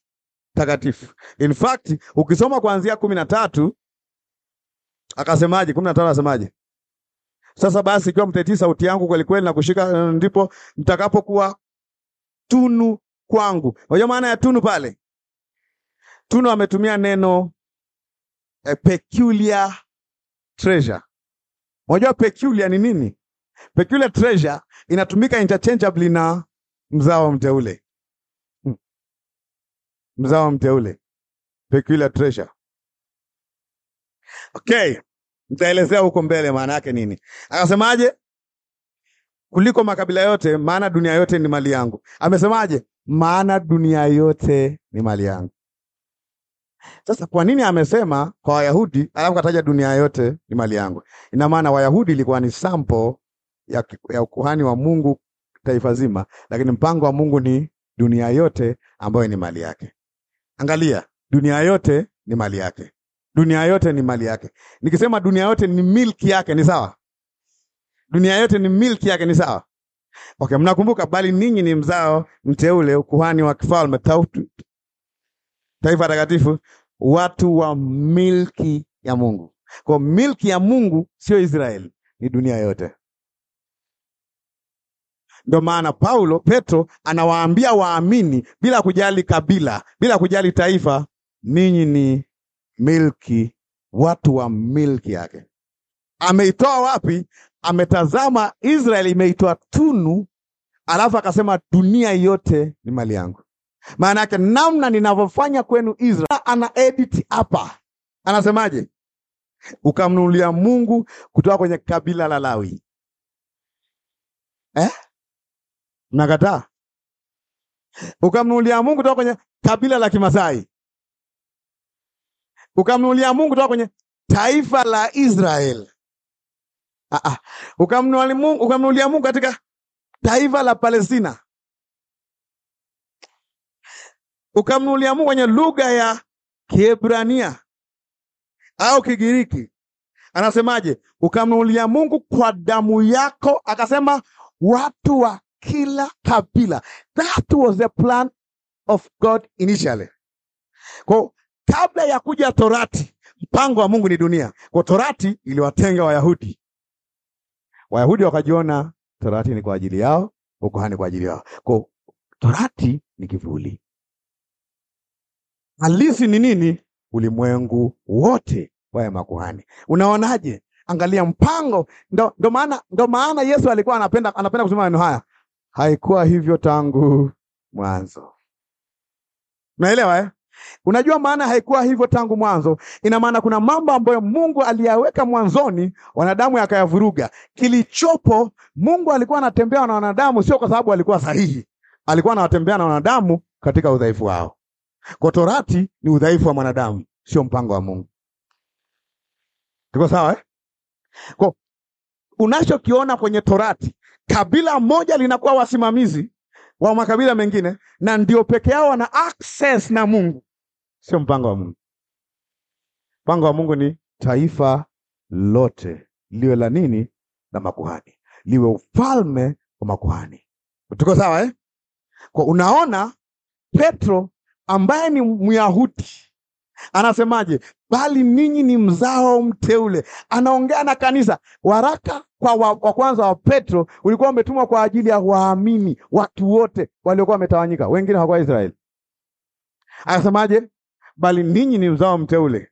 takatifu. In fact ukisoma kuanzia kumi na tatu akasemaje? kumi na tatu anasemaje? Sasa basi, ikiwa mtetii sauti yangu kweli kweli na kushika, eh, ndipo mtakapokuwa tunu kwangu. Unajua maana ya tunu pale? Tunu ametumia neno a eh, peculiar treasure. Unajua peculiar ni nini? Peculiar treasure inatumika interchangeably na mzao mteule, hmm. mzao mteule, peculiar treasure. Okay. Nitaelezea huko mbele maana yake nini. Akasemaje? Kuliko makabila yote, maana dunia yote ni mali yangu. Amesemaje? Maana dunia yote ni mali yangu. Sasa kwa nini amesema kwa Wayahudi alafu kataja dunia yote ni mali yangu? Ina maana Wayahudi ilikuwa ni sample ya, ya ukuhani wa Mungu taifa zima, lakini mpango wa Mungu ni dunia yote ambayo ni mali yake. Angalia, dunia yote ni mali yake. Dunia yote ni mali yake. Nikisema dunia yote ni milki yake ni sawa? Dunia yote ni milki yake ni sawa? Okay, mnakumbuka, bali ninyi ni mzao mteule, ukuhani wa kifalme, taifa takatifu, watu wa milki ya Mungu. Kwa milki ya Mungu sio Israeli, ni dunia yote. Ndio maana Paulo Petro anawaambia waamini bila kujali kabila, bila kujali taifa, ninyi ni milki, watu wa milki yake. Ameitoa wapi? Ametazama Israeli imeitoa tunu, alafu akasema dunia yote ni mali yangu. Maana yake namna ninavyofanya kwenu Israeli, ana edit hapa, anasemaje? Ukamnunulia Mungu kutoka kwenye kabila la Lawi eh? Mnakataa? Ukamnunulia Mungu kutoka kwenye kabila la Kimasai ukamnunulia Mungu toka kwenye taifa la Israel. Ah, ah. ukamnunulia Mungu katika taifa la Palestina, ukamnunulia Mungu kwenye lugha ya Kiebrania au Kigiriki. Anasemaje? ukamnunulia Mungu kwa damu yako, akasema watu wa kila kabila. That was the plan of God initially. Kwa kabla ya kuja Torati, mpango wa Mungu ni dunia. Kwa Torati iliwatenga Wayahudi, Wayahudi wakajiona Torati ni kwa ajili yao, ukuhani kwa ajili yao. Kwa Torati ni kivuli, halisi ni nini? Ulimwengu wote wawe makuhani. Unaonaje? Angalia mpango. Ndo, ndo maana ndo maana Yesu alikuwa anapenda anapenda kusema maneno haya, haikuwa hivyo tangu mwanzo. Naelewa eh? Unajua maana haikuwa hivyo tangu mwanzo. Ina maana kuna mambo ambayo Mungu aliyaweka mwanzoni, wanadamu akayavuruga. Kilichopo, Mungu alikuwa anatembea na wanadamu, sio kwa sababu alikuwa sahihi, alikuwa anawatembea na wanadamu katika udhaifu wao. Kwa torati ni udhaifu wa mwanadamu, sio mpango wa Mungu. Tuko sawa eh? Kwa unachokiona kwenye torati, kabila moja linakuwa wasimamizi wa makabila mengine, na ndio peke yao wana access na Mungu sio mpango wa Mungu. Mpango wa Mungu ni taifa lote liwe la nini? La makuhani, liwe ufalme wa makuhani. Tuko sawa eh? Kwa unaona Petro ambaye ni Myahudi anasemaje? Bali ninyi ni mzao mteule. Anaongea na kanisa. Waraka kwa wa, wa kwanza wa Petro ulikuwa umetumwa kwa ajili ya waamini, watu wote waliokuwa wametawanyika, wengine hawakuwa Israeli. Anasemaje? bali ninyi ni uzao mteule.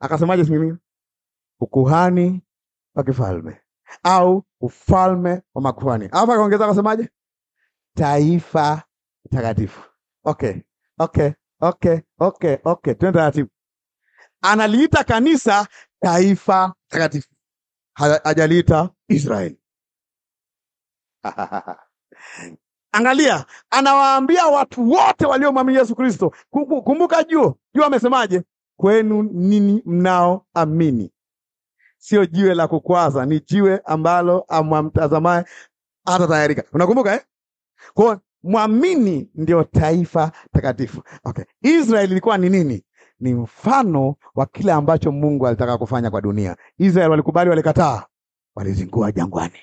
Akasemaje? si ukuhani wa kifalme au ufalme wa makuhani. Hapa akaongeza akasemaje? Taifa takatifu. Okay, okay, okay, okay, okay, twende taratibu. Analiita kanisa taifa takatifu, hajaliita Israeli Angalia, anawaambia watu wote waliomwamini Yesu Kristo. Kumbuka juu juu amesemaje? Kwenu nini mnao amini sio jiwe la kukwaza, ni jiwe ambalo amwamtazamaye hata tayarika. Unakumbuka eh? Kwa mwamini ndio taifa takatifu. Okay, Israeli ilikuwa ni nini? Ni mfano wa kile ambacho Mungu alitaka kufanya kwa dunia. Israeli walikubali, walikataa, walizingua jangwani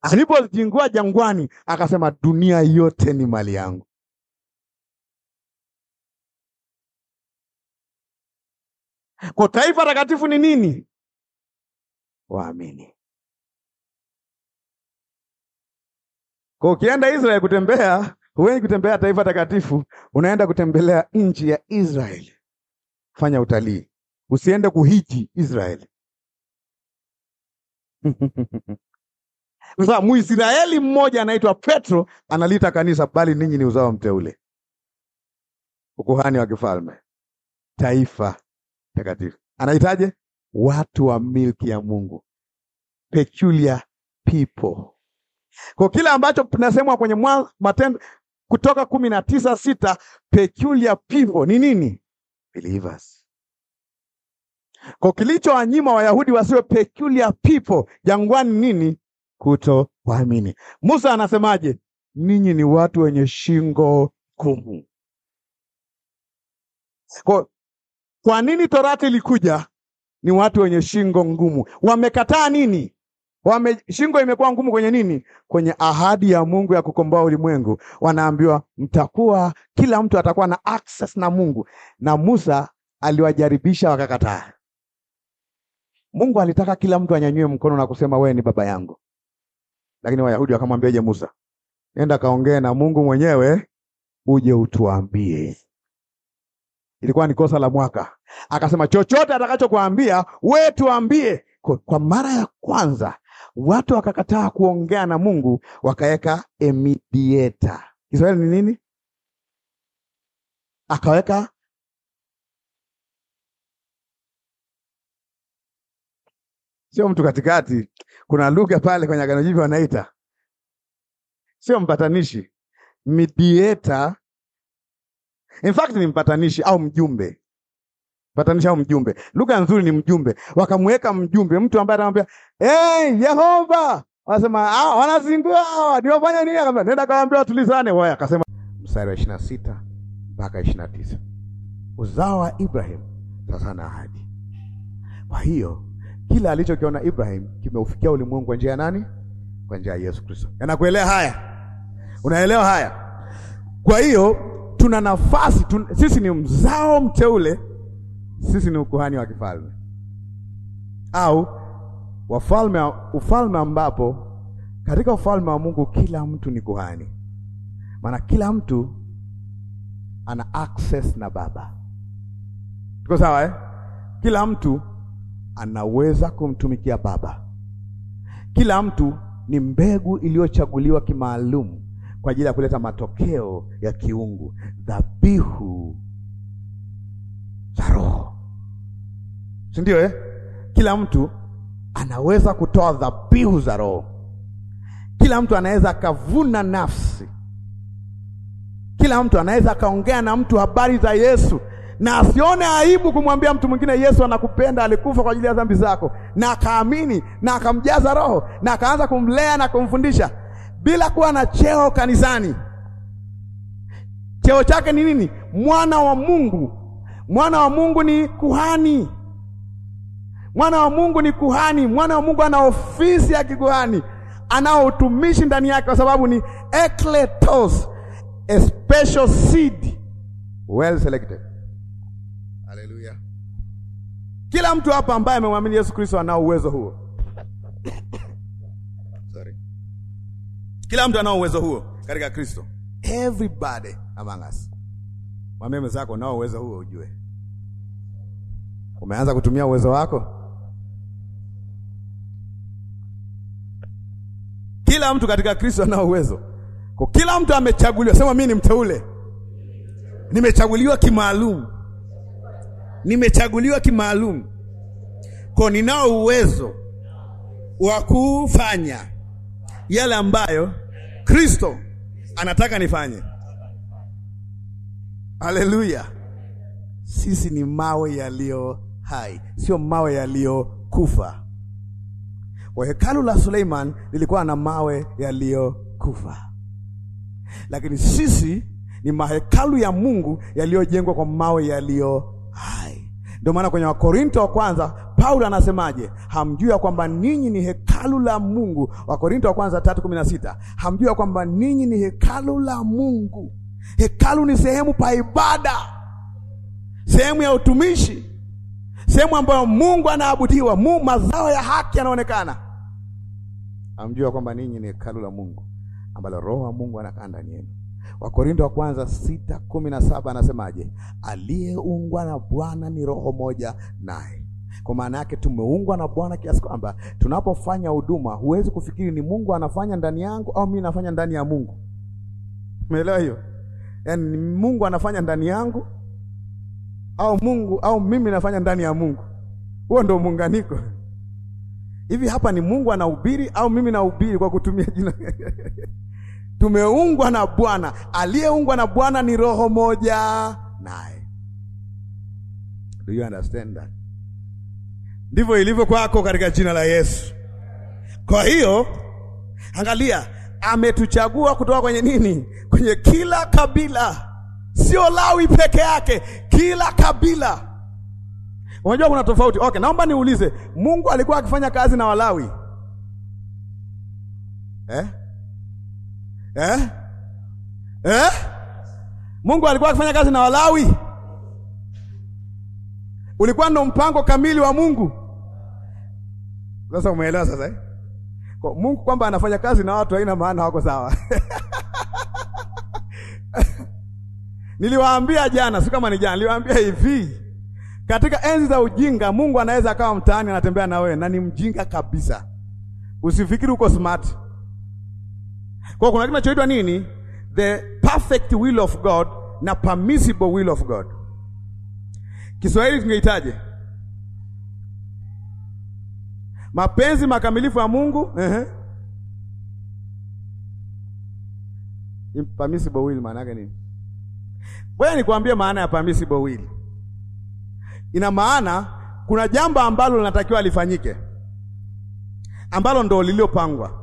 alipozingua jangwani, akasema dunia yote ni mali yangu. Kwa taifa takatifu ni nini? Waamini. Kwa ukienda Israeli kutembea, huendi kutembea taifa takatifu, unaenda kutembelea nchi ya Israeli. Fanya utalii, usiende kuhiji Israeli. Sasa Mwisraeli mmoja anaitwa Petro analita kanisa, bali ninyi ni uzao mteule, ukuhani wa kifalme, taifa takatifu. Anaitaje? Watu wa milki ya Mungu, peculiar people. Kwa kila ambacho tunasemwa kwenye Matendo Kutoka kumi na tisa sita, peculiar people ni nini? Believers. Kwa kilicho wanyima Wayahudi wasiwe peculiar people jangwani nini? kuto waamini. Musa anasemaje? Ninyi ni watu wenye shingo ngumu Kwa, kwa nini torati ilikuja? Ni watu wenye shingo ngumu. Wamekataa nini? Wame, shingo imekuwa ngumu kwenye nini? Kwenye ahadi ya Mungu ya kukomboa ulimwengu. Wanaambiwa mtakuwa, kila mtu atakuwa na access na Mungu, na Musa aliwajaribisha wakakataa. Mungu alitaka kila mtu anyanyue mkono na kusema wewe ni baba yangu. Lakini Wayahudi wakamwambia Musa, nenda kaongee na Mungu mwenyewe uje utuambie. Ilikuwa ni kosa la mwaka. Akasema chochote atakachokuambia we tuambie. Kwa mara ya kwanza watu wakakataa kuongea na Mungu, wakaweka emidieta. Kiswahili ni nini? Akaweka sio mtu katikati. Kuna lugha pale kwenye Agano Jipya wanaita sio mpatanishi, mediator. In fact ni mpatanishi au mjumbe. Mpatanishi au mjumbe, lugha nzuri ni mjumbe. Wakamweka mjumbe, mtu ambaye anamwambia hey, Yehova wanasema ah, wanazindua hawa niwafanya nini? Akamwambia nenda kaambia watulizane. Wao akasema mstari wa ishirini na sita mpaka ishirini na tisa uzao wa Ibrahim sasa na ahadi. Kwa hiyo kila alichokiona Ibrahim kimeufikia ulimwengu kwa njia ya nani? Kwa njia ya Yesu Kristo. Yanakuelea haya? Unaelewa haya? Kwa hiyo tuna nafasi tun... sisi ni mzao mteule, sisi ni ukuhani wa kifalme au wafalme, ufalme ambapo katika ufalme wa Mungu kila mtu ni kuhani, maana kila mtu ana access na Baba. Tuko sawa eh? Kila mtu anaweza kumtumikia Baba. Kila mtu ni mbegu iliyochaguliwa kimaalum kwa ajili ya kuleta matokeo ya kiungu, dhabihu za Roho, si ndio eh? Kila mtu anaweza kutoa dhabihu za Roho. Kila mtu anaweza akavuna nafsi. Kila mtu anaweza akaongea na mtu habari za Yesu na asione aibu kumwambia mtu mwingine Yesu anakupenda, alikufa kwa ajili ya dhambi zako, na akaamini na akamjaza Roho na akaanza kumlea na kumfundisha bila kuwa na cheo kanisani. Cheo chake ni nini? Mwana wa Mungu. Mwana wa Mungu ni kuhani. Mwana wa Mungu ni kuhani. Mwana wa Mungu ana ofisi ya kikuhani, anao utumishi ndani yake, kwa sababu ni ekletos, a special seed well selected. Kila mtu hapa ambaye amemwamini Yesu Kristo anao uwezo huo. Sorry. Kila mtu anao uwezo huo katika Kristo. Everybody among us. Mwambie mwenzako nao uwezo huo ujue. Umeanza kutumia uwezo wako? Kila mtu katika Kristo anao uwezo. Kwa kila mtu amechaguliwa, sema mimi ni mteule. Nimechaguliwa kimaalum nimechaguliwa kimaalum, kwa ninao uwezo wa kufanya yale ambayo Kristo anataka nifanye. Haleluya! Sisi ni mawe yaliyo hai, sio mawe yaliyokufa. Kwa hekalu la Suleiman lilikuwa na mawe yaliyokufa, lakini sisi ni mahekalu ya Mungu yaliyojengwa kwa mawe yaliyo hai. Ndio maana kwenye Wakorinto wa kwanza Paulo anasemaje? Hamjui ya kwamba ninyi ni hekalu la Mungu. Wakorinto wa kwanza tatu kumi na sita hamjui ya kwamba ninyi ni hekalu la Mungu. Hekalu ni sehemu pa ibada, sehemu ya utumishi, sehemu ambayo Mungu anaabudiwa, Mungu mazao ya haki yanaonekana. Hamjui ya kwamba ninyi ni hekalu la Mungu ambalo Roho wa Mungu anakaa ndani yenu. Wakorinto wa kwanza sita kumi na saba anasemaje? Aliyeungwa na Bwana ni roho moja naye. Kwa maana yake tumeungwa na Bwana kiasi kwamba tunapofanya huduma huwezi kufikiri ni Mungu anafanya ndani yangu au mimi nafanya ndani ya Mungu. Umeelewa hiyo? Yaani Mungu anafanya ndani yangu au Mungu au mimi nafanya ndani ya Mungu. Huo ndio muunganiko. Hivi hapa ni Mungu anahubiri au mimi nahubiri kwa kutumia jina tumeungwa na Bwana. Aliyeungwa na Bwana ni roho moja naye. Do you understand that? Ndivyo ilivyo kwako katika jina la Yesu. Kwa hiyo angalia, ametuchagua kutoka kwenye nini? Kwenye kila kabila, sio Lawi peke yake, kila kabila. Unajua kuna tofauti. Okay, naomba niulize, Mungu alikuwa akifanya kazi na Walawi eh? eh? Eh? Mungu alikuwa akifanya kazi na Walawi? Ulikuwa ndo mpango kamili wa Mungu. Sasa umeelewa sasa eh? Kwa Mungu kwamba anafanya kazi na watu haina maana wako sawa. Niliwaambia jana, si kama ni jana, niliwaambia hivi. Katika enzi za ujinga Mungu anaweza akawa mtaani anatembea na wewe na ni mjinga kabisa. Usifikiri uko smart. Kwa kuna kitu kinachoitwa nini? The perfect will of God na permissible will of God. Kiswahili tungehitaje? Mapenzi makamilifu ya Mungu, uh -huh. Permissible will maana yake nini? Wewe nikwambie maana ya permissible will. Ina maana kuna jambo ambalo linatakiwa lifanyike ambalo ndo lililopangwa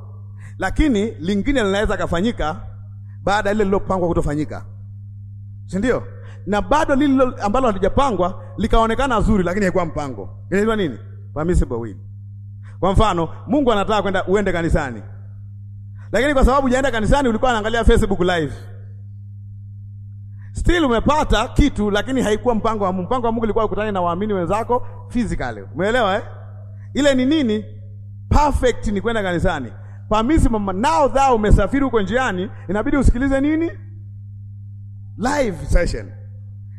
lakini lingine linaweza kafanyika baada ya lile lililopangwa kutofanyika, si ndio? Na bado lile ambalo halijapangwa likaonekana zuri, lakini haikuwa mpango, inaitwa nini? Permissible will. Kwa mfano, Mungu anataka kwenda uende kanisani, lakini kwa sababu hujaenda kanisani, ulikuwa unaangalia Facebook live Still umepata kitu lakini haikuwa mpango wa Mungu. Mpango wa Mungu ulikuwa ukutane na waamini wenzako physically. Umeelewa eh? Ile ni nini? Perfect ni kwenda kanisani pamisi mama nao dhao, umesafiri huko njiani, inabidi usikilize nini live session,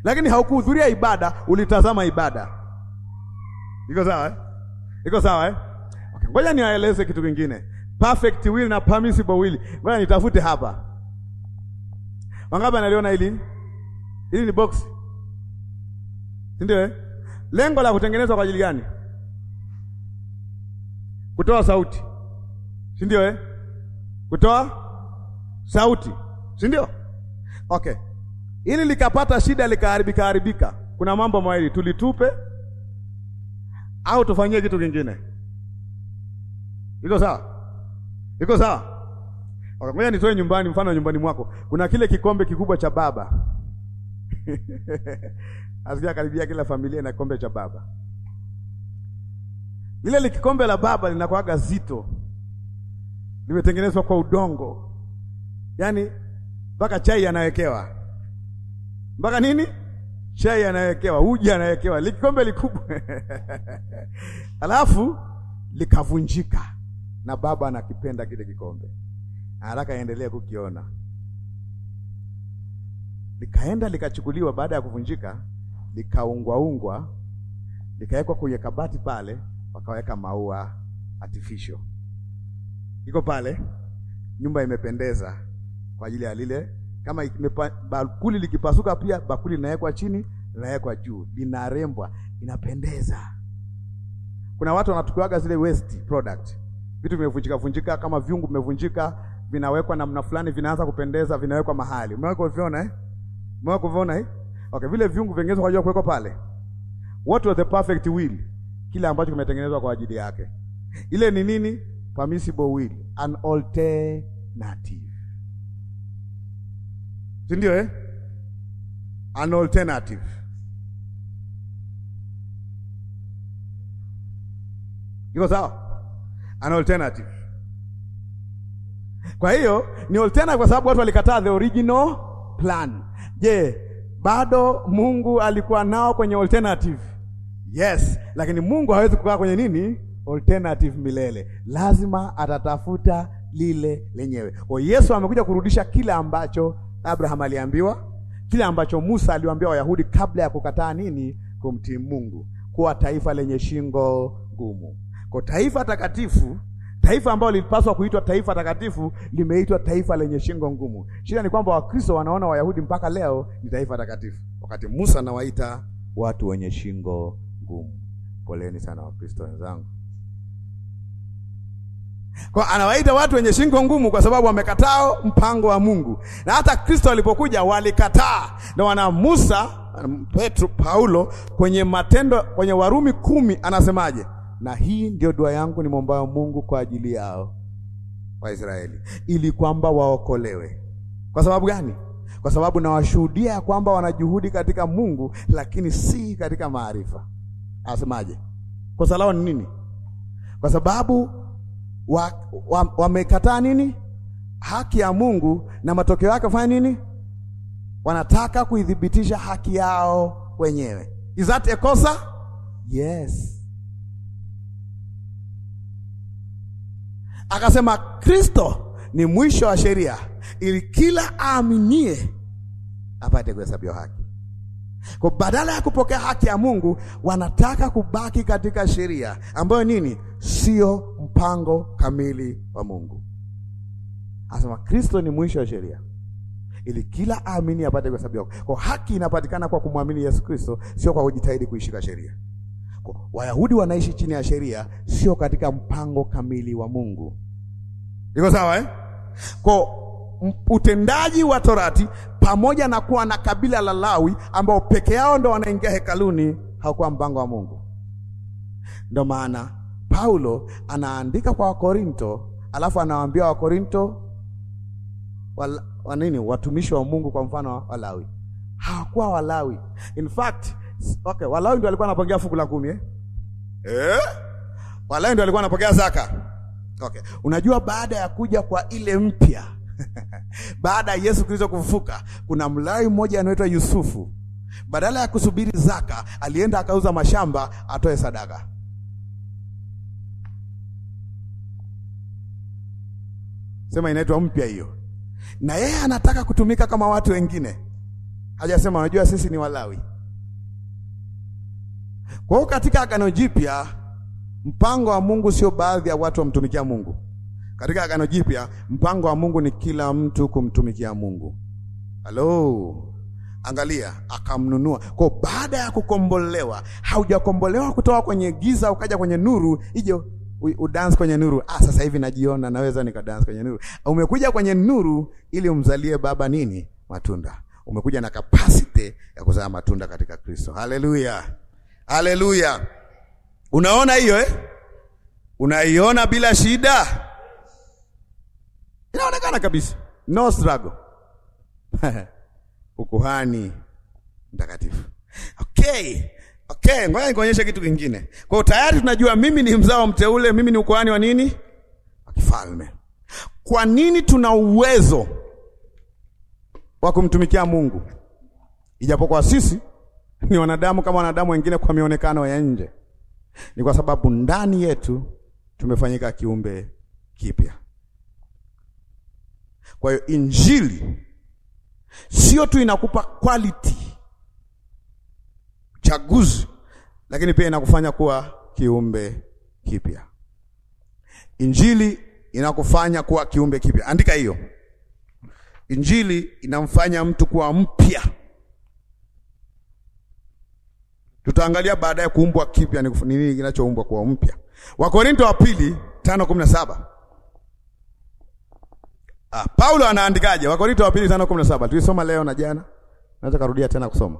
lakini haukuhudhuria ibada, ulitazama ibada. Iko sawa eh? Iko sawa eh? Okay, ngoja niwaeleze kitu kingine. Perfect will na permissible will, ngoja nitafute hapa. Wangapi analiona hili? Hili ni box, si ndio eh? Lengo la kutengenezwa kwa ajili gani? Kutoa sauti si ndio eh? Kutoa sauti, si ndio? Okay, ili likapata shida likaharibika haribika, kuna mambo mawili, tulitupe au tufanyie kitu kingine. Iko sawa? Iko sawa? Okay, ngoja nitoe nyumbani, mfano nyumbani mwako kuna kile kikombe kikubwa cha baba asikia karibia kila familia na kikombe cha baba. lile likikombe la baba linakuwaga zito limetengenezwa kwa udongo, yaani mpaka chai anawekewa, mpaka nini chai anawekewa, uji anawekewa, likikombe likubwa alafu likavunjika, na baba anakipenda kile kikombe, haraka aendelee kukiona. Likaenda likachukuliwa, baada ya kuvunjika likaungwaungwa, likawekwa kwenye kabati pale, wakaweka maua artificial iko pale, nyumba imependeza kwa ajili ya lile. Kama ikimepa, bakuli likipasuka pia bakuli linawekwa chini, linawekwa juu, linarembwa, inapendeza. Kuna watu wanatukiwaga zile waste product, vitu vimevunjika vunjika, kama vyungu vimevunjika, vinawekwa namna fulani, vinaanza kupendeza, vinawekwa mahali. Umewahi kuviona eh? Umewahi kuviona eh? Okay, vile vyungu vingeweza kwa ajili kuwekwa pale. What was the perfect will? Kile ambacho kimetengenezwa kwa ajili yake. Ile ni nini? permissible will, an alternative, si ndio eh? An alternative iko sawa, an alternative. Kwa hiyo ni alternative kwa sababu watu walikataa the original plan. Je, bado Mungu alikuwa nao kwenye alternative? Yes, lakini Mungu hawezi kukaa kwenye nini alternative milele, lazima atatafuta lile lenyewe. Kwa Yesu amekuja kurudisha kile ambacho Abraham aliambiwa, kile ambacho Musa aliwaambia Wayahudi kabla ya kukataa nini, kumtii Mungu, kuwa taifa lenye shingo ngumu. Kwa taifa takatifu, taifa ambalo lilipaswa kuitwa taifa takatifu limeitwa taifa lenye shingo ngumu. Shida ni kwamba Wakristo wanaona Wayahudi mpaka leo ni taifa takatifu, wakati Musa anawaita watu wenye shingo ngumu. Poleni sana Wakristo wenzangu. Kwa anawaita watu wenye shingo ngumu kwa sababu wamekataa mpango wa Mungu. Na hata Kristo alipokuja walikataa. Ndio wana Musa, Petro, Paulo kwenye Matendo, kwenye Warumi kumi anasemaje? Na hii ndio dua yangu ni mwombayo Mungu kwa ajili yao Waisraeli, ili kwamba waokolewe. Kwa sababu gani? Kwa sababu nawashuhudia ya kwamba wanajuhudi katika Mungu, lakini si katika maarifa. Anasemaje? Kosa lao ni nini? Kwa sababu wamekataa wa, wa nini haki ya Mungu, na matokeo yake fanya nini? Wanataka kuidhibitisha haki yao wenyewe. Is that a kosa? Yes. Akasema Kristo ni mwisho wa sheria ili kila aaminie apate kuhesabiwa haki. Kwa badala ya kupokea haki ya Mungu, wanataka kubaki katika sheria ambayo nini? Sio mpango kamili wa Mungu. Anasema Kristo ni mwisho wa sheria ili kila aamini apate kuhesabiwa haki. Kwa haki inapatikana kwa kumwamini Yesu Kristo, sio kwa kujitahidi kuishika sheria. Kwa Wayahudi wanaishi chini ya sheria, sio katika mpango kamili wa Mungu. Iko sawa eh? Kwa utendaji wa Torati pamoja na kuwa na kabila la Lawi ambao peke yao ndo wanaingia hekaluni, haukuwa mpango wa Mungu. Ndio maana Paulo anaandika kwa Wakorinto, alafu anawaambia Wakorinto wa nini, watumishi wa Mungu, kwa mfano Walawi hawakuwa Walawi. In fact, okay, Walawi ndio walikuwa wanapokea fuku la kumi eh? Eh? Walawi ndio walikuwa wanapokea zaka. Okay. Unajua baada ya kuja kwa ile mpya baada ya Yesu Kristo kufufuka, kuna Mlawi mmoja anaitwa Yusufu, badala ya kusubiri zaka alienda akauza mashamba atoe sadaka. sema inaitwa mpya hiyo, na yeye anataka kutumika kama watu wengine. Hajasema unajua sisi ni Walawi. Kwa hiyo katika agano jipya, mpango wa Mungu sio baadhi ya watu wamtumikia Mungu. Katika agano jipya, mpango wa Mungu ni kila mtu kumtumikia Mungu. Halo, angalia, akamnunua. Kwa baada ya kukombolewa, haujakombolewa kutoka kwenye giza ukaja kwenye nuru hiyo udance kwenye nuru. Ah, sasa hivi najiona naweza nikadance kwenye nuru. Ah, umekuja kwenye nuru ili umzalie Baba nini? Matunda. Umekuja na capacity ya kuzaa matunda katika Kristo. Haleluya, haleluya! Unaona hiyo eh? Unaiona bila shida, inaonekana kabisa, no struggle ukuhani mtakatifu. Okay, Okay, ngoja nikuonyeshe kitu kingine. Kwa hiyo tayari tunajua mimi ni mzao mteule, mimi ni ukoani wa nini? Wa kifalme. Kwa nini tuna uwezo wa kumtumikia Mungu? Ijapokuwa sisi ni wanadamu kama wanadamu wengine kwa mionekano ya nje. Ni kwa sababu ndani yetu tumefanyika kiumbe kipya. Kwa hiyo injili sio tu inakupa quality uchaguzi, lakini pia inakufanya kuwa kiumbe kipya. Injili inakufanya kuwa kiumbe kipya. Andika hiyo. Injili inamfanya mtu kuwa mpya. Tutaangalia baadaye kuumbwa kipya ni nini, kinachoumbwa kuwa mpya. Wakorinto wa pili 5:17. Ah, Paulo anaandikaje? Wakorinto wa pili 5:17. Tulisoma leo na jana. Naweza karudia tena kusoma.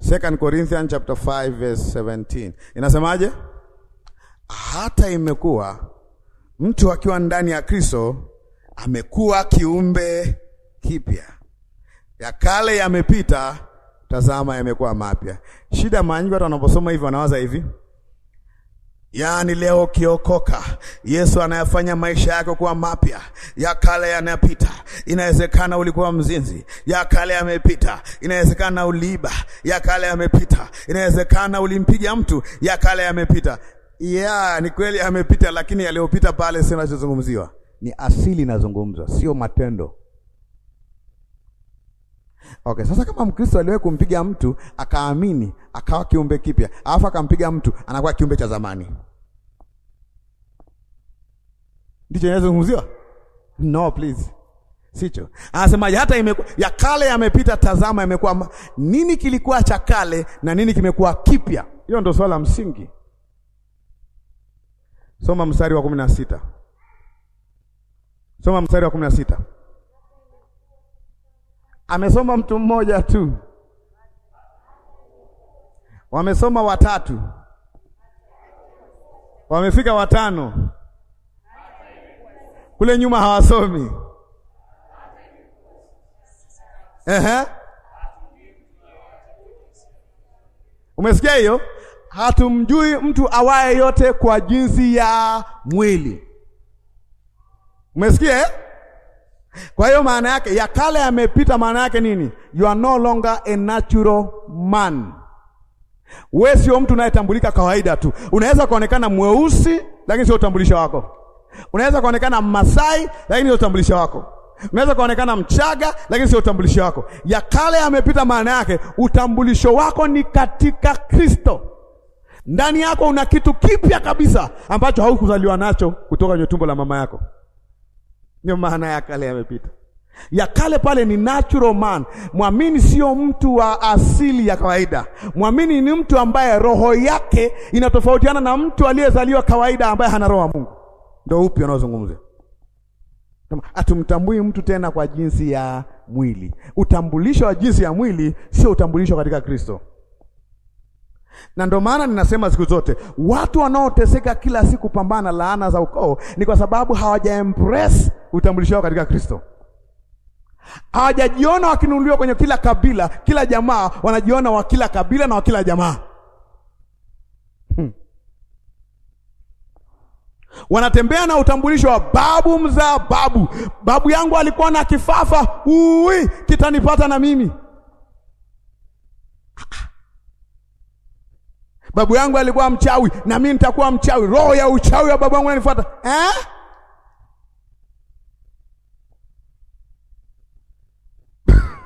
Second Corinthians chapter 5 verse 17 inasemaje? Hata imekuwa mtu akiwa ndani ya Kristo amekuwa kiumbe kipya, ya kale yamepita, tazama yamekuwa mapya. Shida manyingi watu wanaposoma hivi wanawaza hivi Yaani leo ukiokoka, Yesu anayafanya maisha yako kuwa mapya. Ya kale yanapita. Inawezekana ulikuwa mzinzi, ya kale yamepita. Inawezekana uliiba, ya kale yamepita. Inawezekana ulimpiga mtu, ya kale yamepita. Ya, ni kweli yamepita, lakini yaliyopita pale, sina nachozungumziwa ni asili inazungumzwa, sio matendo. Okay, sasa kama Mkristo aliwahi kumpiga mtu akaamini akawa kiumbe kipya, alafu akampiga mtu anakuwa kiumbe cha zamani, ndicho inazungumziwa? No, please, sicho. Anasemaje? hata imeku... ya kale yamepita, tazama imekuwa. Nini kilikuwa cha kale na nini kimekuwa kipya? Hiyo ndio swala msingi. Soma mstari wa kumi na sita. Soma mstari wa kumi na sita amesoma mtu mmoja tu, wamesoma watatu, wamefika watano, kule nyuma hawasomi. Ehe, umesikia hiyo? Hatumjui mtu awaye yote kwa jinsi ya mwili. Umesikia? Eh? Kwa hiyo maana yake ya kale yamepita, maana yake nini? You are no longer a natural man. Wewe sio mtu unayetambulika kawaida tu. Unaweza kuonekana mweusi lakini sio utambulisho wako. Unaweza kuonekana Masai lakini sio utambulisho wako. Unaweza kuonekana Mchaga lakini sio utambulisho wako. Ya kale yamepita, maana yake utambulisho wako ni katika Kristo. Ndani yako una kitu kipya kabisa ambacho haukuzaliwa nacho kutoka kwenye tumbo la mama yako. Ndio maana ya kale yamepita. Ya kale pale ni natural man. Mwamini sio mtu wa asili ya kawaida. Mwamini ni mtu ambaye roho yake inatofautiana na mtu aliyezaliwa kawaida ambaye hana roho ya Mungu. Ndio upi unaozungumza? Atumtambui mtu tena kwa jinsi ya mwili. Utambulisho wa jinsi ya mwili sio utambulisho katika Kristo na ndio maana ninasema siku zote watu wanaoteseka kila siku pambana laana za ukoo ni kwa sababu hawaja embrace utambulisho wao katika Kristo. Hawajajiona wakinunuliwa kwenye kila kabila, kila jamaa, wanajiona wa kila kabila na wa kila jamaa hmm. Wanatembea na utambulisho wa babu mzaa babu, babu yangu alikuwa na kifafa, ui kitanipata na mimi Babu yangu alikuwa mchawi na mimi nitakuwa mchawi. Roho ya uchawi wa babu yangu inanifuata. Eh?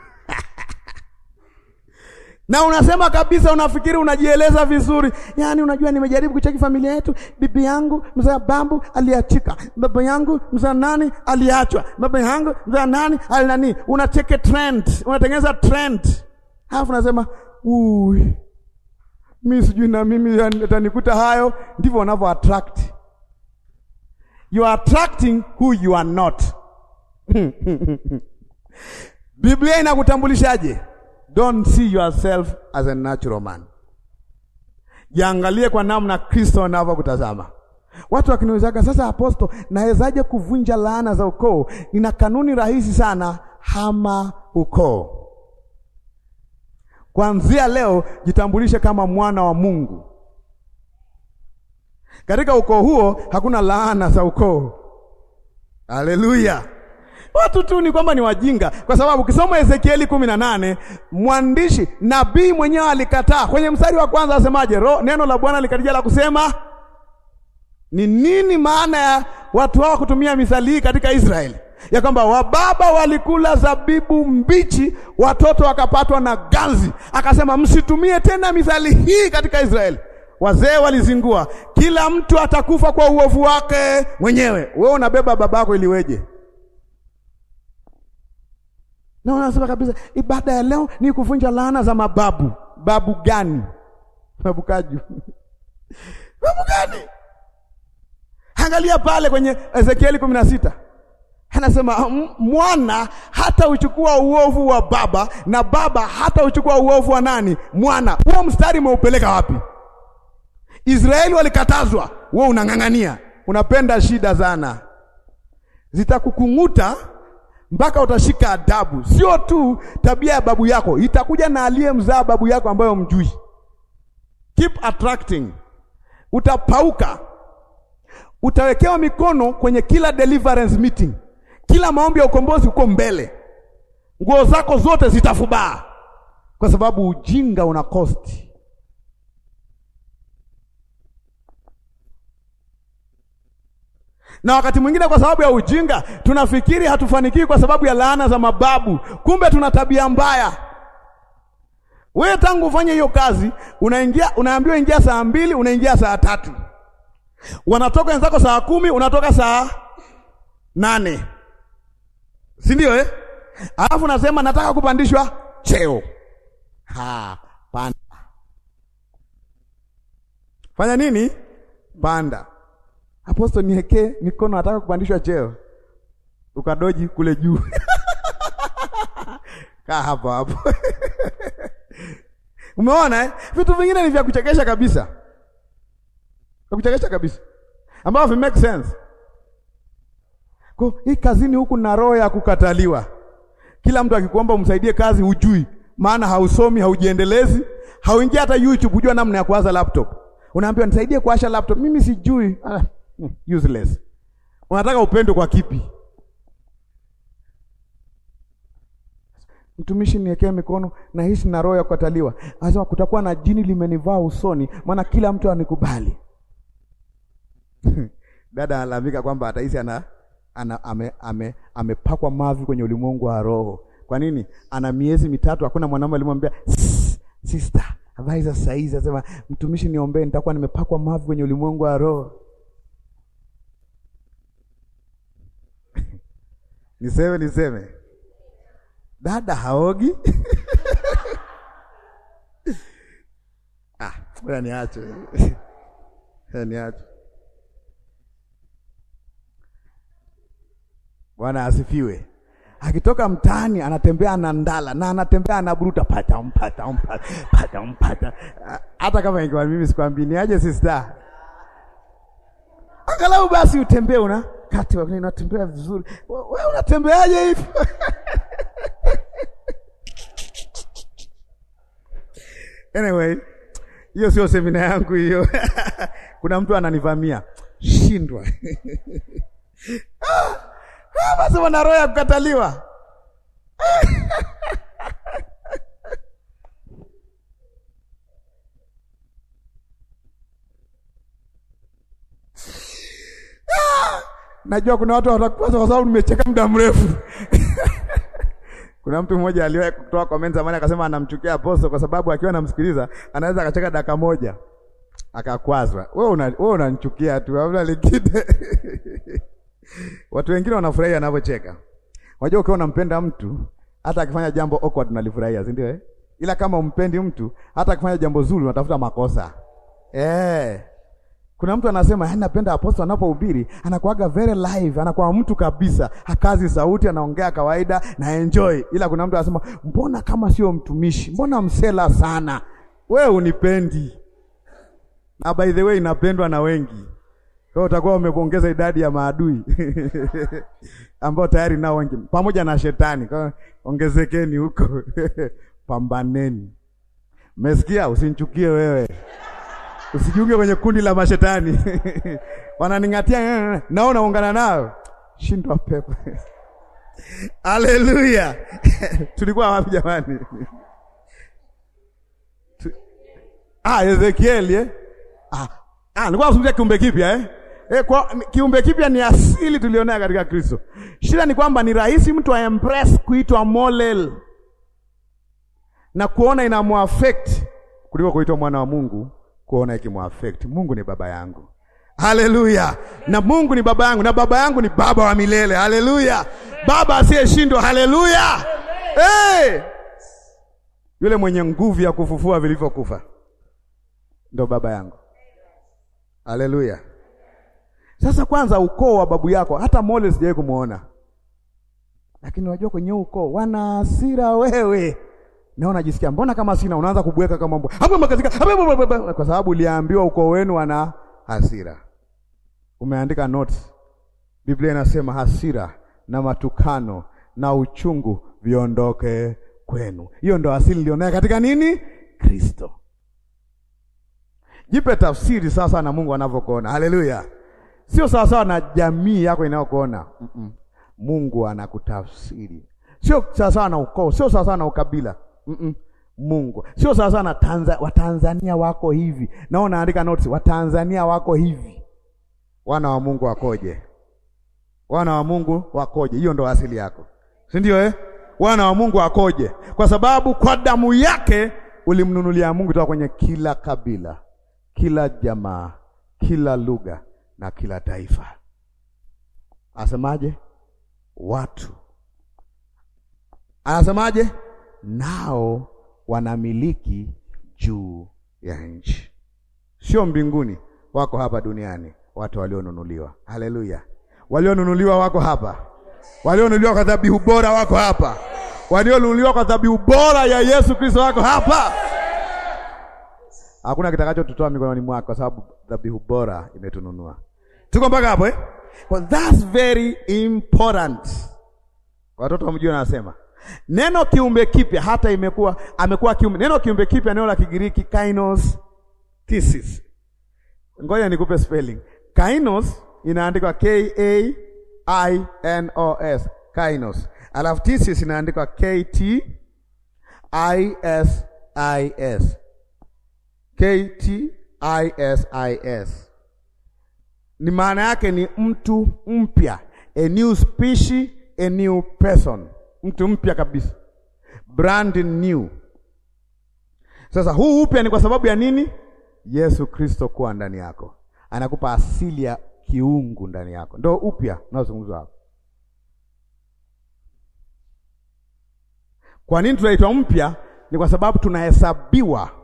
na unasema kabisa, unafikiri unajieleza vizuri. Yaani, unajua nimejaribu kucheki familia yetu, bibi yangu mzaa babu aliachika, baba yangu mzaa nani aliachwa, baba yangu mzaa nani alinani. Unacheke trend, unatengeneza trend, halafu unasema uy mi sijui na mimi atanikuta hayo. Ndivyo wanavyo attract, you are attracting who you are not Biblia inakutambulishaje? Don't see yourself as a natural man. Jiangalie kwa namna Kristo anavyokutazama. Watu wakiniulizaga, sasa apostol nawezaje kuvunja laana za ukoo? Nina kanuni rahisi sana, hama ukoo. Kuanzia leo jitambulishe kama mwana wa Mungu. Katika ukoo huo hakuna laana za ukoo. Haleluya! Watu tu ni kwamba ni wajinga, kwa sababu ukisoma Ezekieli kumi na nane, mwandishi nabii mwenyewe alikataa kwenye mstari wa kwanza, asemaje? neno la Bwana likarejea la kusema ni nini maana ya watu hao kutumia mithali hii katika Israeli ya kwamba wababa walikula zabibu mbichi, watoto wakapatwa na ganzi? Akasema msitumie tena mithali hii katika Israeli. Wazee walizingua, kila mtu atakufa kwa uovu wake mwenyewe. Wewe unabeba babako iliweje? Na unasema kabisa, ibada ya leo ni kuvunja laana za mababu. Babu gani? Babu kaju babu gani? Angalia pale kwenye Ezekieli kumi na sita anasema mwana hata uchukua uovu wa baba na baba hata uchukua uovu wa nani? Mwana. Huo mstari umeupeleka wapi? Israeli walikatazwa, wewe unang'ang'ania, unapenda shida sana, zitakukung'uta mpaka utashika adabu. Sio tu tabia ya babu yako, itakuja na aliyemzaa babu yako ambayo mjui. Keep attracting, utapauka Utawekewa mikono kwenye kila deliverance meeting, kila maombi ya ukombozi huko mbele, nguo zako zote zitafubaa, kwa sababu ujinga una kosti. Na wakati mwingine kwa sababu ya ujinga tunafikiri hatufanikiwi kwa sababu ya laana za mababu, kumbe tuna tabia mbaya. Wewe tangu ufanye hiyo kazi unaingia, unaambiwa ingia saa mbili, unaingia saa tatu wanatoka wenzako saa kumi, unatoka saa nane, si ndio eh? Alafu nasema nataka kupandishwa cheo. Ha, panda. Fanya nini? Panda. Aposto niekee mikono, nataka kupandishwa cheo, ukadoji kule juu ka hapo hapo umeona eh? Vitu vingine ni vya kuchekesha kabisa. Nakuchekesha kabisa, ambao have make sense. Kwa hii kazini huku na roho ya kukataliwa, kila mtu akikuomba umsaidie kazi hujui maana, hausomi, haujiendelezi, hauingia hata YouTube hujua namna ya kuwaza laptop. Unaambiwa nisaidie kuwasha laptop, mimi sijui. Ah, hmm, useless. Unataka upendo kwa kipi? Mtumishi, niwekee mikono, naishi na roho ya kukataliwa. Anasema kutakuwa na jini limenivaa usoni, maana kila mtu anikubali. Dada analalamika kwamba atahisi ana, ana ame, ame, ame mavi kwenye ulimwengu wa roho. Kwa nini? Ana miezi mitatu, hakuna mwanaume alimwambia sister, habari za hizi. Anasema mtumishi, niombee, nitakuwa nimepakwa mavi kwenye ulimwengu wa roho. Niseme niseme dada haogi? Ah, niache niache. Bwana asifiwe. Akitoka mtaani anatembea na ndala na anatembea na buruta pata mpata mpata pata mpata. Hata kama ingekuwa mimi sikwambii ni aje sister. Angalau basi utembee una kati wakati unatembea vizuri. Wewe unatembeaje hivi? Anyway, hiyo sio semina yangu hiyo. Kuna mtu ananivamia. Shindwa. basi wana roho ya kukataliwa. Najua kuna watu watakwaza kwa sababu nimecheka muda mrefu. Kuna mtu mmoja aliwahi kutoa comment zamani akasema anamchukia aposto kwa sababu akiwa anamsikiliza anaweza akacheka dakika moja akakwazwa. Wewe una wewe unanichukia tu. Labda lingine. Watu wengine wanafurahia anavyocheka. Unajua ukiwa unampenda mtu hata akifanya jambo awkward unalifurahia, si ndio eh? Ila kama umpendi mtu hata akifanya jambo zuri unatafuta makosa. Eh. Kuna mtu anasema yaani napenda aposto anapohubiri, anakuaga very live, anakuwa mtu kabisa, hakazi sauti, anaongea kawaida na enjoy. Ila kuna mtu anasema, mbona kama sio mtumishi, mbona msela sana, we unipendi. Na by the way inapendwa na wengi. Kwa hiyo utakuwa umeongeza idadi ya maadui ambao tayari nao wengi pamoja na shetani. Kwa ongezekeni huko pambaneni. Mmesikia? Usinichukie wewe. Usijiunge kwenye kundi la mashetani wananing'atia, eh, eh, eh. nao naungana nao, shindwa pepo. Haleluya! tulikuwa wapi jamani? Ah, Ezekieli eh? Ah, ah, nilikuwa nafunza kiumbe kipya eh? E, kwa kiumbe kipya ni asili tulionayo katika Kristo. Shida ni kwamba ni rahisi mtu aembrace kuitwa molel na kuona inamwaffect kuliko kuitwa mwana wa Mungu, kuona ikimwaffect. Mungu ni baba yangu, haleluya! Na Mungu ni baba yangu, na baba yangu ni baba wa milele, haleluya! Baba asiyeshindwa, haleluya! Hey! Yule mwenye nguvu ya kufufua vilivyokufa ndo baba yangu, haleluya! Sasa kwanza, ukoo wa babu yako hata mole sijawahi kumuona, lakini unajua kwenye ukoo wana hasira wewe na unajisikia mbona kama sina, unaanza kubweka kama mbwa hapo makazika, kwa sababu uliambiwa ukoo wenu wana hasira. Umeandika notes. Biblia inasema hasira na matukano na uchungu viondoke kwenu. Hiyo ndo asili ilionayo katika nini? Kristo. Jipe tafsiri sasa na Mungu anavyokuona. Haleluya sio sawasawa na jamii yako inayokuona. mm -mm. Mungu anakutafsiri, sio sawasawa na ukoo, sio sawasawa na ukabila. mm -mm. Mungu sio sawasawa na Tanzania. Watanzania wako hivi, nao naandika notes, Watanzania wako hivi. Wana wa Mungu wakoje? Wana wa Mungu wakoje? Hiyo ndo asili yako, si ndio? Eh, wana wa Mungu wakoje? Kwa sababu kwa damu yake ulimnunulia Mungu toka kwenye kila kabila, kila jamaa, kila lugha na kila taifa. Asemaje? Watu anasemaje? Nao wanamiliki juu ya nchi, sio mbinguni, wako hapa duniani watu walionunuliwa. Haleluya! walionunuliwa wako hapa, walionunuliwa kwa dhabihu bora wako hapa, walionunuliwa kwa dhabihu bora ya Yesu Kristo wako hapa hakuna kitakachotutoa mikononi mwako, kwa sababu dhabihu bora imetununua. Tuko mpaka hapo eh? Well, that's very important. Watoto wamjua, nasema neno kiumbe kipya, hata imekuwa amekuwa kiumbe. Neno kiumbe kipya, neno la Kigiriki kainos thesis. Ngoja nikupe spelling. Kainos inaandikwa K A I N O S, kainos. Alafu thesis inaandikwa K T I S I S KTISIS ni maana yake ni mtu mpya, a new species, a new person, mtu mpya kabisa, brand new. Sasa huu upya ni kwa sababu ya nini? Yesu Kristo kuwa ndani yako, anakupa asili ya kiungu ndani yako, ndio upya unaozungumzwa hapo. Kwa nini tunaitwa mpya? Ni kwa sababu tunahesabiwa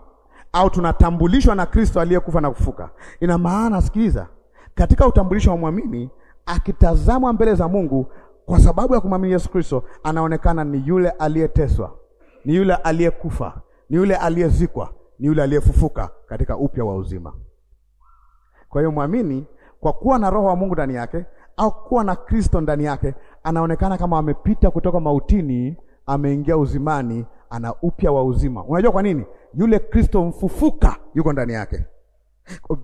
au tunatambulishwa na Kristo aliyekufa na kufuka. Ina maana, sikiliza, katika utambulisho wa mwamini akitazamwa mbele za Mungu kwa sababu ya kumwamini Yesu Kristo, anaonekana ni yule aliyeteswa, ni yule aliyekufa, ni yule aliyezikwa, ni yule aliyefufuka katika upya wa uzima. Kwa hiyo mwamini kwa kuwa na Roho wa Mungu ndani yake au kuwa na Kristo ndani yake, anaonekana kama amepita kutoka mautini, ameingia uzimani, ana upya wa uzima. Unajua kwa nini? Yule Kristo mfufuka yuko ndani yake.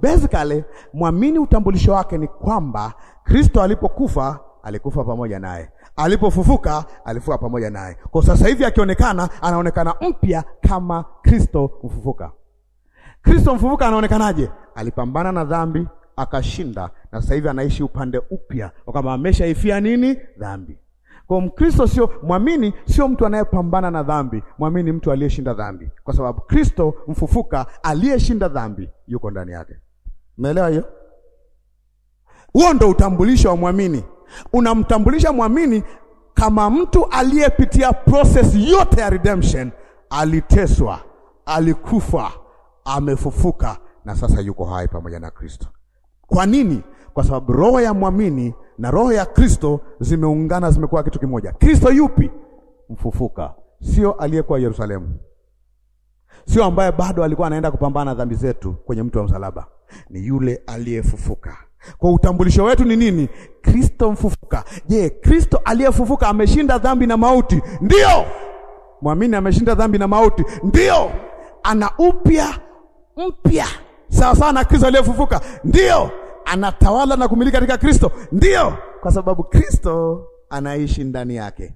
Basically, mwamini utambulisho wake ni kwamba Kristo alipokufa alikufa pamoja naye, alipofufuka alifuka pamoja naye. Kwa sasa hivi akionekana, anaonekana mpya kama Kristo mfufuka. Kristo mfufuka anaonekanaje? Alipambana na dhambi akashinda, na sasa hivi anaishi upande upya, kama ameshaifia nini dhambi. Kwa Mkristo sio mwamini, sio mtu anayepambana na dhambi. Mwamini mtu aliyeshinda dhambi, kwa sababu Kristo mfufuka aliyeshinda dhambi yuko ndani yake. Umeelewa hiyo? Huo ndo utambulisho wa mwamini. Unamtambulisha mwamini kama mtu aliyepitia process yote ya redemption, aliteswa, alikufa, amefufuka na sasa yuko hai pamoja na Kristo. Kwa nini? Kwa sababu roho ya mwamini na roho ya Kristo zimeungana, zimekuwa kitu kimoja. Kristo yupi? Mfufuka, sio aliyekuwa Yerusalemu, sio ambaye bado alikuwa anaenda kupambana na dhambi zetu kwenye mtu wa msalaba, ni yule aliyefufuka. Kwa utambulisho wetu ni nini? Kristo mfufuka. Je, Kristo aliyefufuka ameshinda dhambi na mauti? Ndio. Mwamini ameshinda dhambi na mauti? Ndio. Ana upya mpya sawasawa na Kristo aliyefufuka? Ndio anatawala na kumiliki katika Kristo? Ndiyo, kwa sababu Kristo anaishi ndani yake.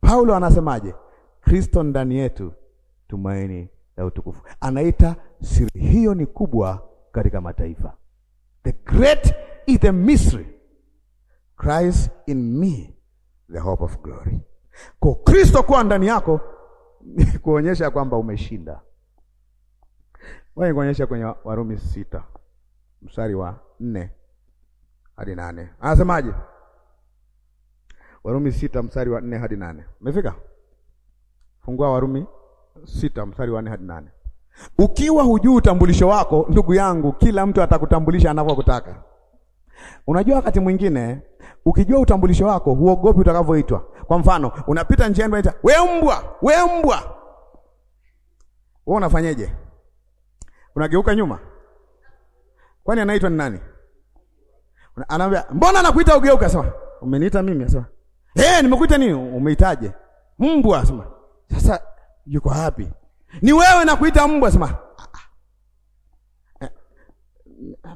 Paulo anasemaje? Kristo ndani yetu, tumaini la utukufu. Anaita siri hiyo ni kubwa katika mataifa. The great is the mystery Christ in me the hope of glory. Kwa Kristo kuwa ndani yako ni kuonyesha kwamba umeshinda. Wewe kuonyesha kwenye Warumi sita mstari wa nne hadi nane anasemaje? Warumi sita mstari wa nne hadi nane Umefika? Fungua Warumi sita mstari wa nne hadi nane Ukiwa hujui utambulisho wako, ndugu yangu, kila mtu atakutambulisha anavyokutaka. Unajua, wakati mwingine ukijua utambulisho wako huogopi utakavyoitwa. Kwa mfano, unapita njiani unaita we mbwa, we mbwa, wewe unafanyeje? Unageuka nyuma Kwani anaitwa ni nani? Anaambia, mbona nakuita ugeuka? Sema, umeniita mimi? Sema, eh, nimekuita nini? Umeitaje? Mbwa. Asema, sasa yuko wapi? Ni wewe nakuita mbwa. Sema, ah, ah. eh,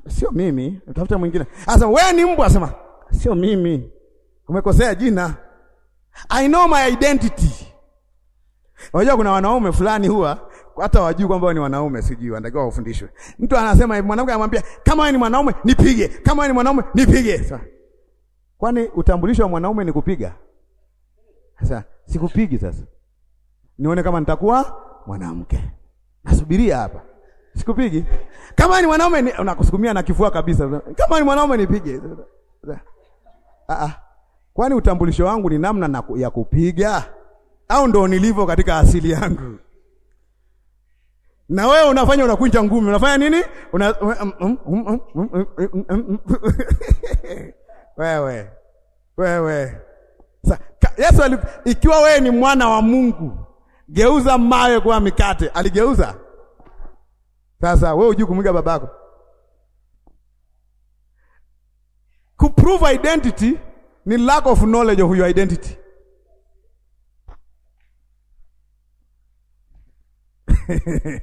sio mimi, tafuta mwingine. Asema, wewe ni mbwa. Sema, sio mimi, umekosea jina. I know my identity. Unajua kuna wanaume fulani huwa hata wajui kwamba ni wanaume, sijui wanatakiwa wafundishwe. Mtu anasema hivi, mwanamke anamwambia kama wewe ni mwanaume nipige, kama wewe ni mwanaume nipige. Sasa kwani utambulisho wa mwanaume ni kupiga? Sasa sikupigi, sasa nione kama nitakuwa mwanamke, nasubiria hapa, sikupigi. Kama ni mwanaume ni... unakusukumia na kifua kabisa, kama ni mwanaume nipige. Ah ah, kwani utambulisho wangu ni namna na ya kupiga au ndo nilivyo katika asili yangu? na wewe unafanya unakunja ngumi, unafanya nini? Una... wewe wewe Sa, ka, Yesu ali, ikiwa wewe ni mwana wa Mungu, geuza mawe kuwa mikate. Aligeuza. Sasa wewe hujui kumwiga babako. Kuprove identity ni lack of knowledge of your identity.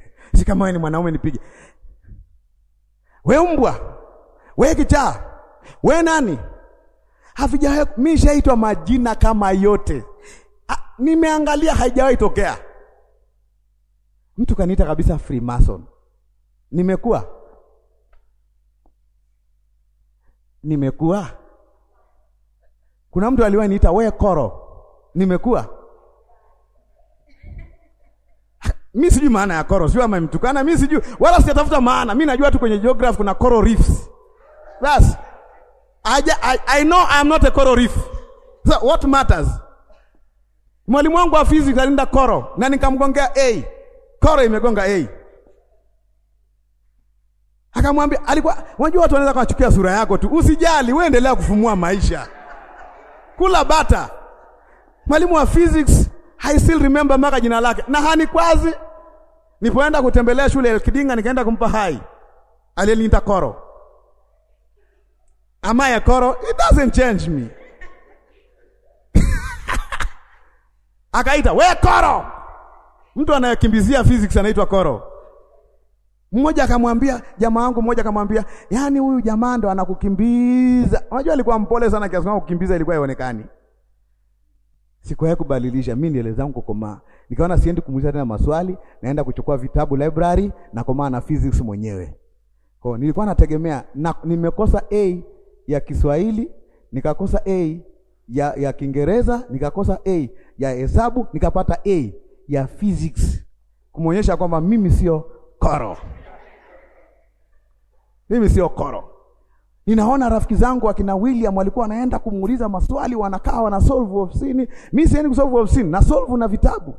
si kama wewe ni mwanaume nipige we mbwa, we kichaa, we nani? Havijawahi mimi shaitwa majina kama yote ah, nimeangalia haijawahi tokea mtu kaniita kabisa Freemason. Nimekuwa nimekuwa, kuna mtu aliwahi niita we koro, nimekuwa Mimi sijui maana ya coral, sijui mtukana, mimi sijui wala sijatafuta maana. Mimi najua tu kwenye geography kuna coral reefs. Bas. I, I, know I am not a coral reef. So what matters? Mwalimu wangu wa physics alinda coral na nikamgongea A. Coral imegonga A. Akamwambia alikuwa unajua watu wanaweza kuchukia sura yako tu. Usijali, wewe endelea kufumua maisha. Kula bata. Mwalimu wa physics I still remember mpaka jina lake na hanikwazi. Nipoenda kutembelea shule ya Kidinga, nikaenda kumpa hai, aliniita Koro. Am I Koro? It doesn't change me. Akaita we Koro, mtu anayekimbizia physics anaitwa Koro. Mmoja akamwambia jamaa wangu mmoja akamwambia, yaani huyu jamaa ndo anakukimbiza. Unajua alikuwa mpole sana kiasi kwamba kukimbiza ilikuwa haionekani. Sikuwahi kubadilisha mimi nywele zangu kukomaa. Nikaona siendi kumuuliza tena maswali, naenda kuchukua vitabu library na komaa na physics mwenyewe. Kwa hiyo nilikuwa nategemea na, nimekosa A ya Kiswahili, nikakosa A ya ya Kiingereza, nikakosa A ya hesabu, nikapata A ya physics. Kumuonyesha kwamba mimi sio koro. Mimi sio koro. Ninaona rafiki zangu akina William walikuwa wanaenda kumuuliza maswali, wanakaa wana solve ofisini. Mimi siendi kusolve ofisini, na solve na vitabu.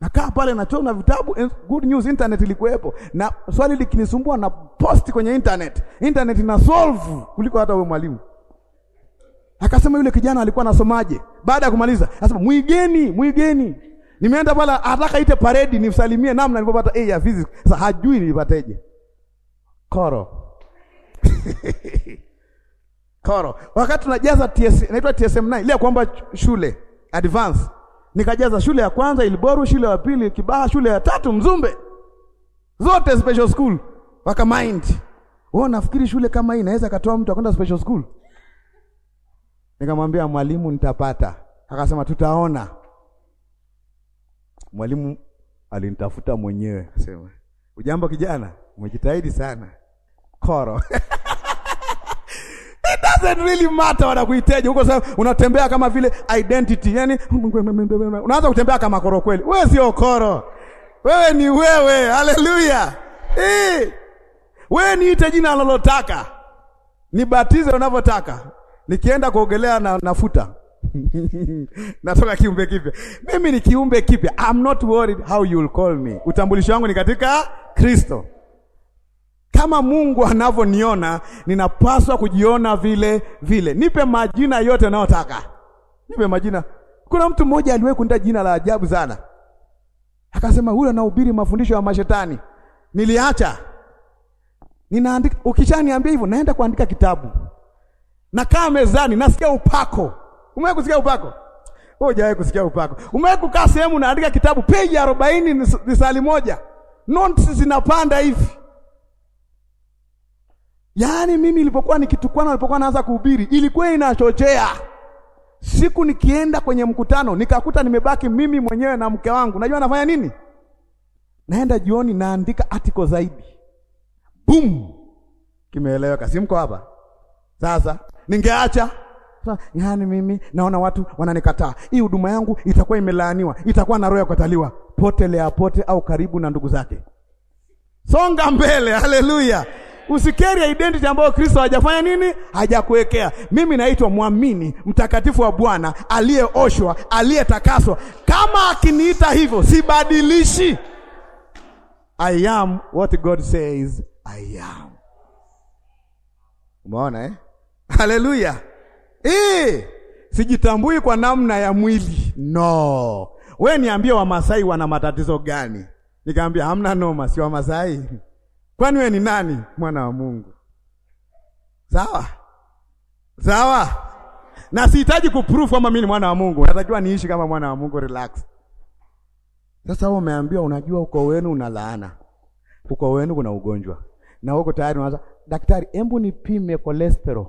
Nakaa pale nachona vitabu. Eh, good news, internet ilikuwepo, na swali likinisumbua na post kwenye internet. Internet ina solve kuliko hata wewe mwalimu. Akasema yule kijana alikuwa anasomaje? Baada ya kumaliza, akasema mwigeni, mwigeni. Nimeenda pale ataka ite parade nimsalimie namna nilipopata A ya physics. Sasa hajui nilipateje. Koro. koro wakati tunajaza TS, inaitwa TSM 9 ile ya kwamba shule advance, nikajaza shule ya kwanza Ilboru, shule ya pili Kibaha, shule ya tatu Mzumbe, zote special school. Waka mind wao, nafikiri shule kama hii inaweza katoa mtu akwenda special school. Nikamwambia mwalimu, nitapata. Akasema tutaona. Mwalimu alinitafuta mwenyewe, akasema ujambo kijana, umejitahidi sana koro doesn't really matter wanakuhitaji huko. Sasa unatembea kama vile identity, yani unaanza kutembea kama koro kweli. Wewe sio koro, wewe ni wewe. Haleluya! Eh, wewe niite jina analotaka, nibatize unavyotaka, nikienda kuogelea na nafuta natoka kiumbe kipya. Mimi ni kiumbe kipya. I'm not worried how you'll call me. Utambulisho wangu ni katika Kristo. Kama Mungu anavyoniona, ninapaswa kujiona vile vile. Nipe majina yote unayotaka, nipe majina. Kuna mtu mmoja aliwahi kunita jina la ajabu sana, akasema huyu anahubiri mafundisho ya mashetani. Niliacha ninaandika, ukishaniambia hivyo naenda kuandika kitabu, nakaa mezani, nasikia upako. Umewahi kusikia upako? Hujawahi kusikia upako? Umewahi kukaa sehemu unaandika kitabu, peji arobaini ni sali moja, notes zinapanda hivi Yaani mimi nilipokuwa nikitukana, nilipokuwa naanza kuhubiri, ilikuwa inachochea. Siku nikienda kwenye mkutano nikakuta nimebaki mimi mwenyewe na mke wangu, najua nafanya nini? Naenda jioni naandika article zaidi, boom, kimeeleweka. Si mko hapa sasa? Ningeacha yaani, mimi naona watu wananikataa, hii huduma yangu itakuwa imelaaniwa, itakuwa na roho ya kukataliwa. lea pote au karibu na ndugu zake, songa mbele. Haleluya! usikeri identity ambayo Kristo hajafanya nini, hajakuwekea. Mimi naitwa mwamini mtakatifu wa Bwana aliyeoshwa, aliyetakaswa. Kama akiniita hivyo, sibadilishi. I am what God says I am. Umeona eh? Haleluya! Eh, sijitambui kwa namna ya mwili. No, we niambie, Wamasai wana matatizo gani? Nikaambia hamna noma, si Wamasai Kwani wewe ni nani? Mwana wa Mungu. Sawa sawa, na sihitaji kuprove kama mimi ni mwana wa Mungu, natakiwa niishi kama mwana wa Mungu. Relax. Sasa wewe umeambiwa, unajua uko wenu una laana, uko wenu kuna ugonjwa, na uko tayari unaanza daktari, hebu nipime cholesterol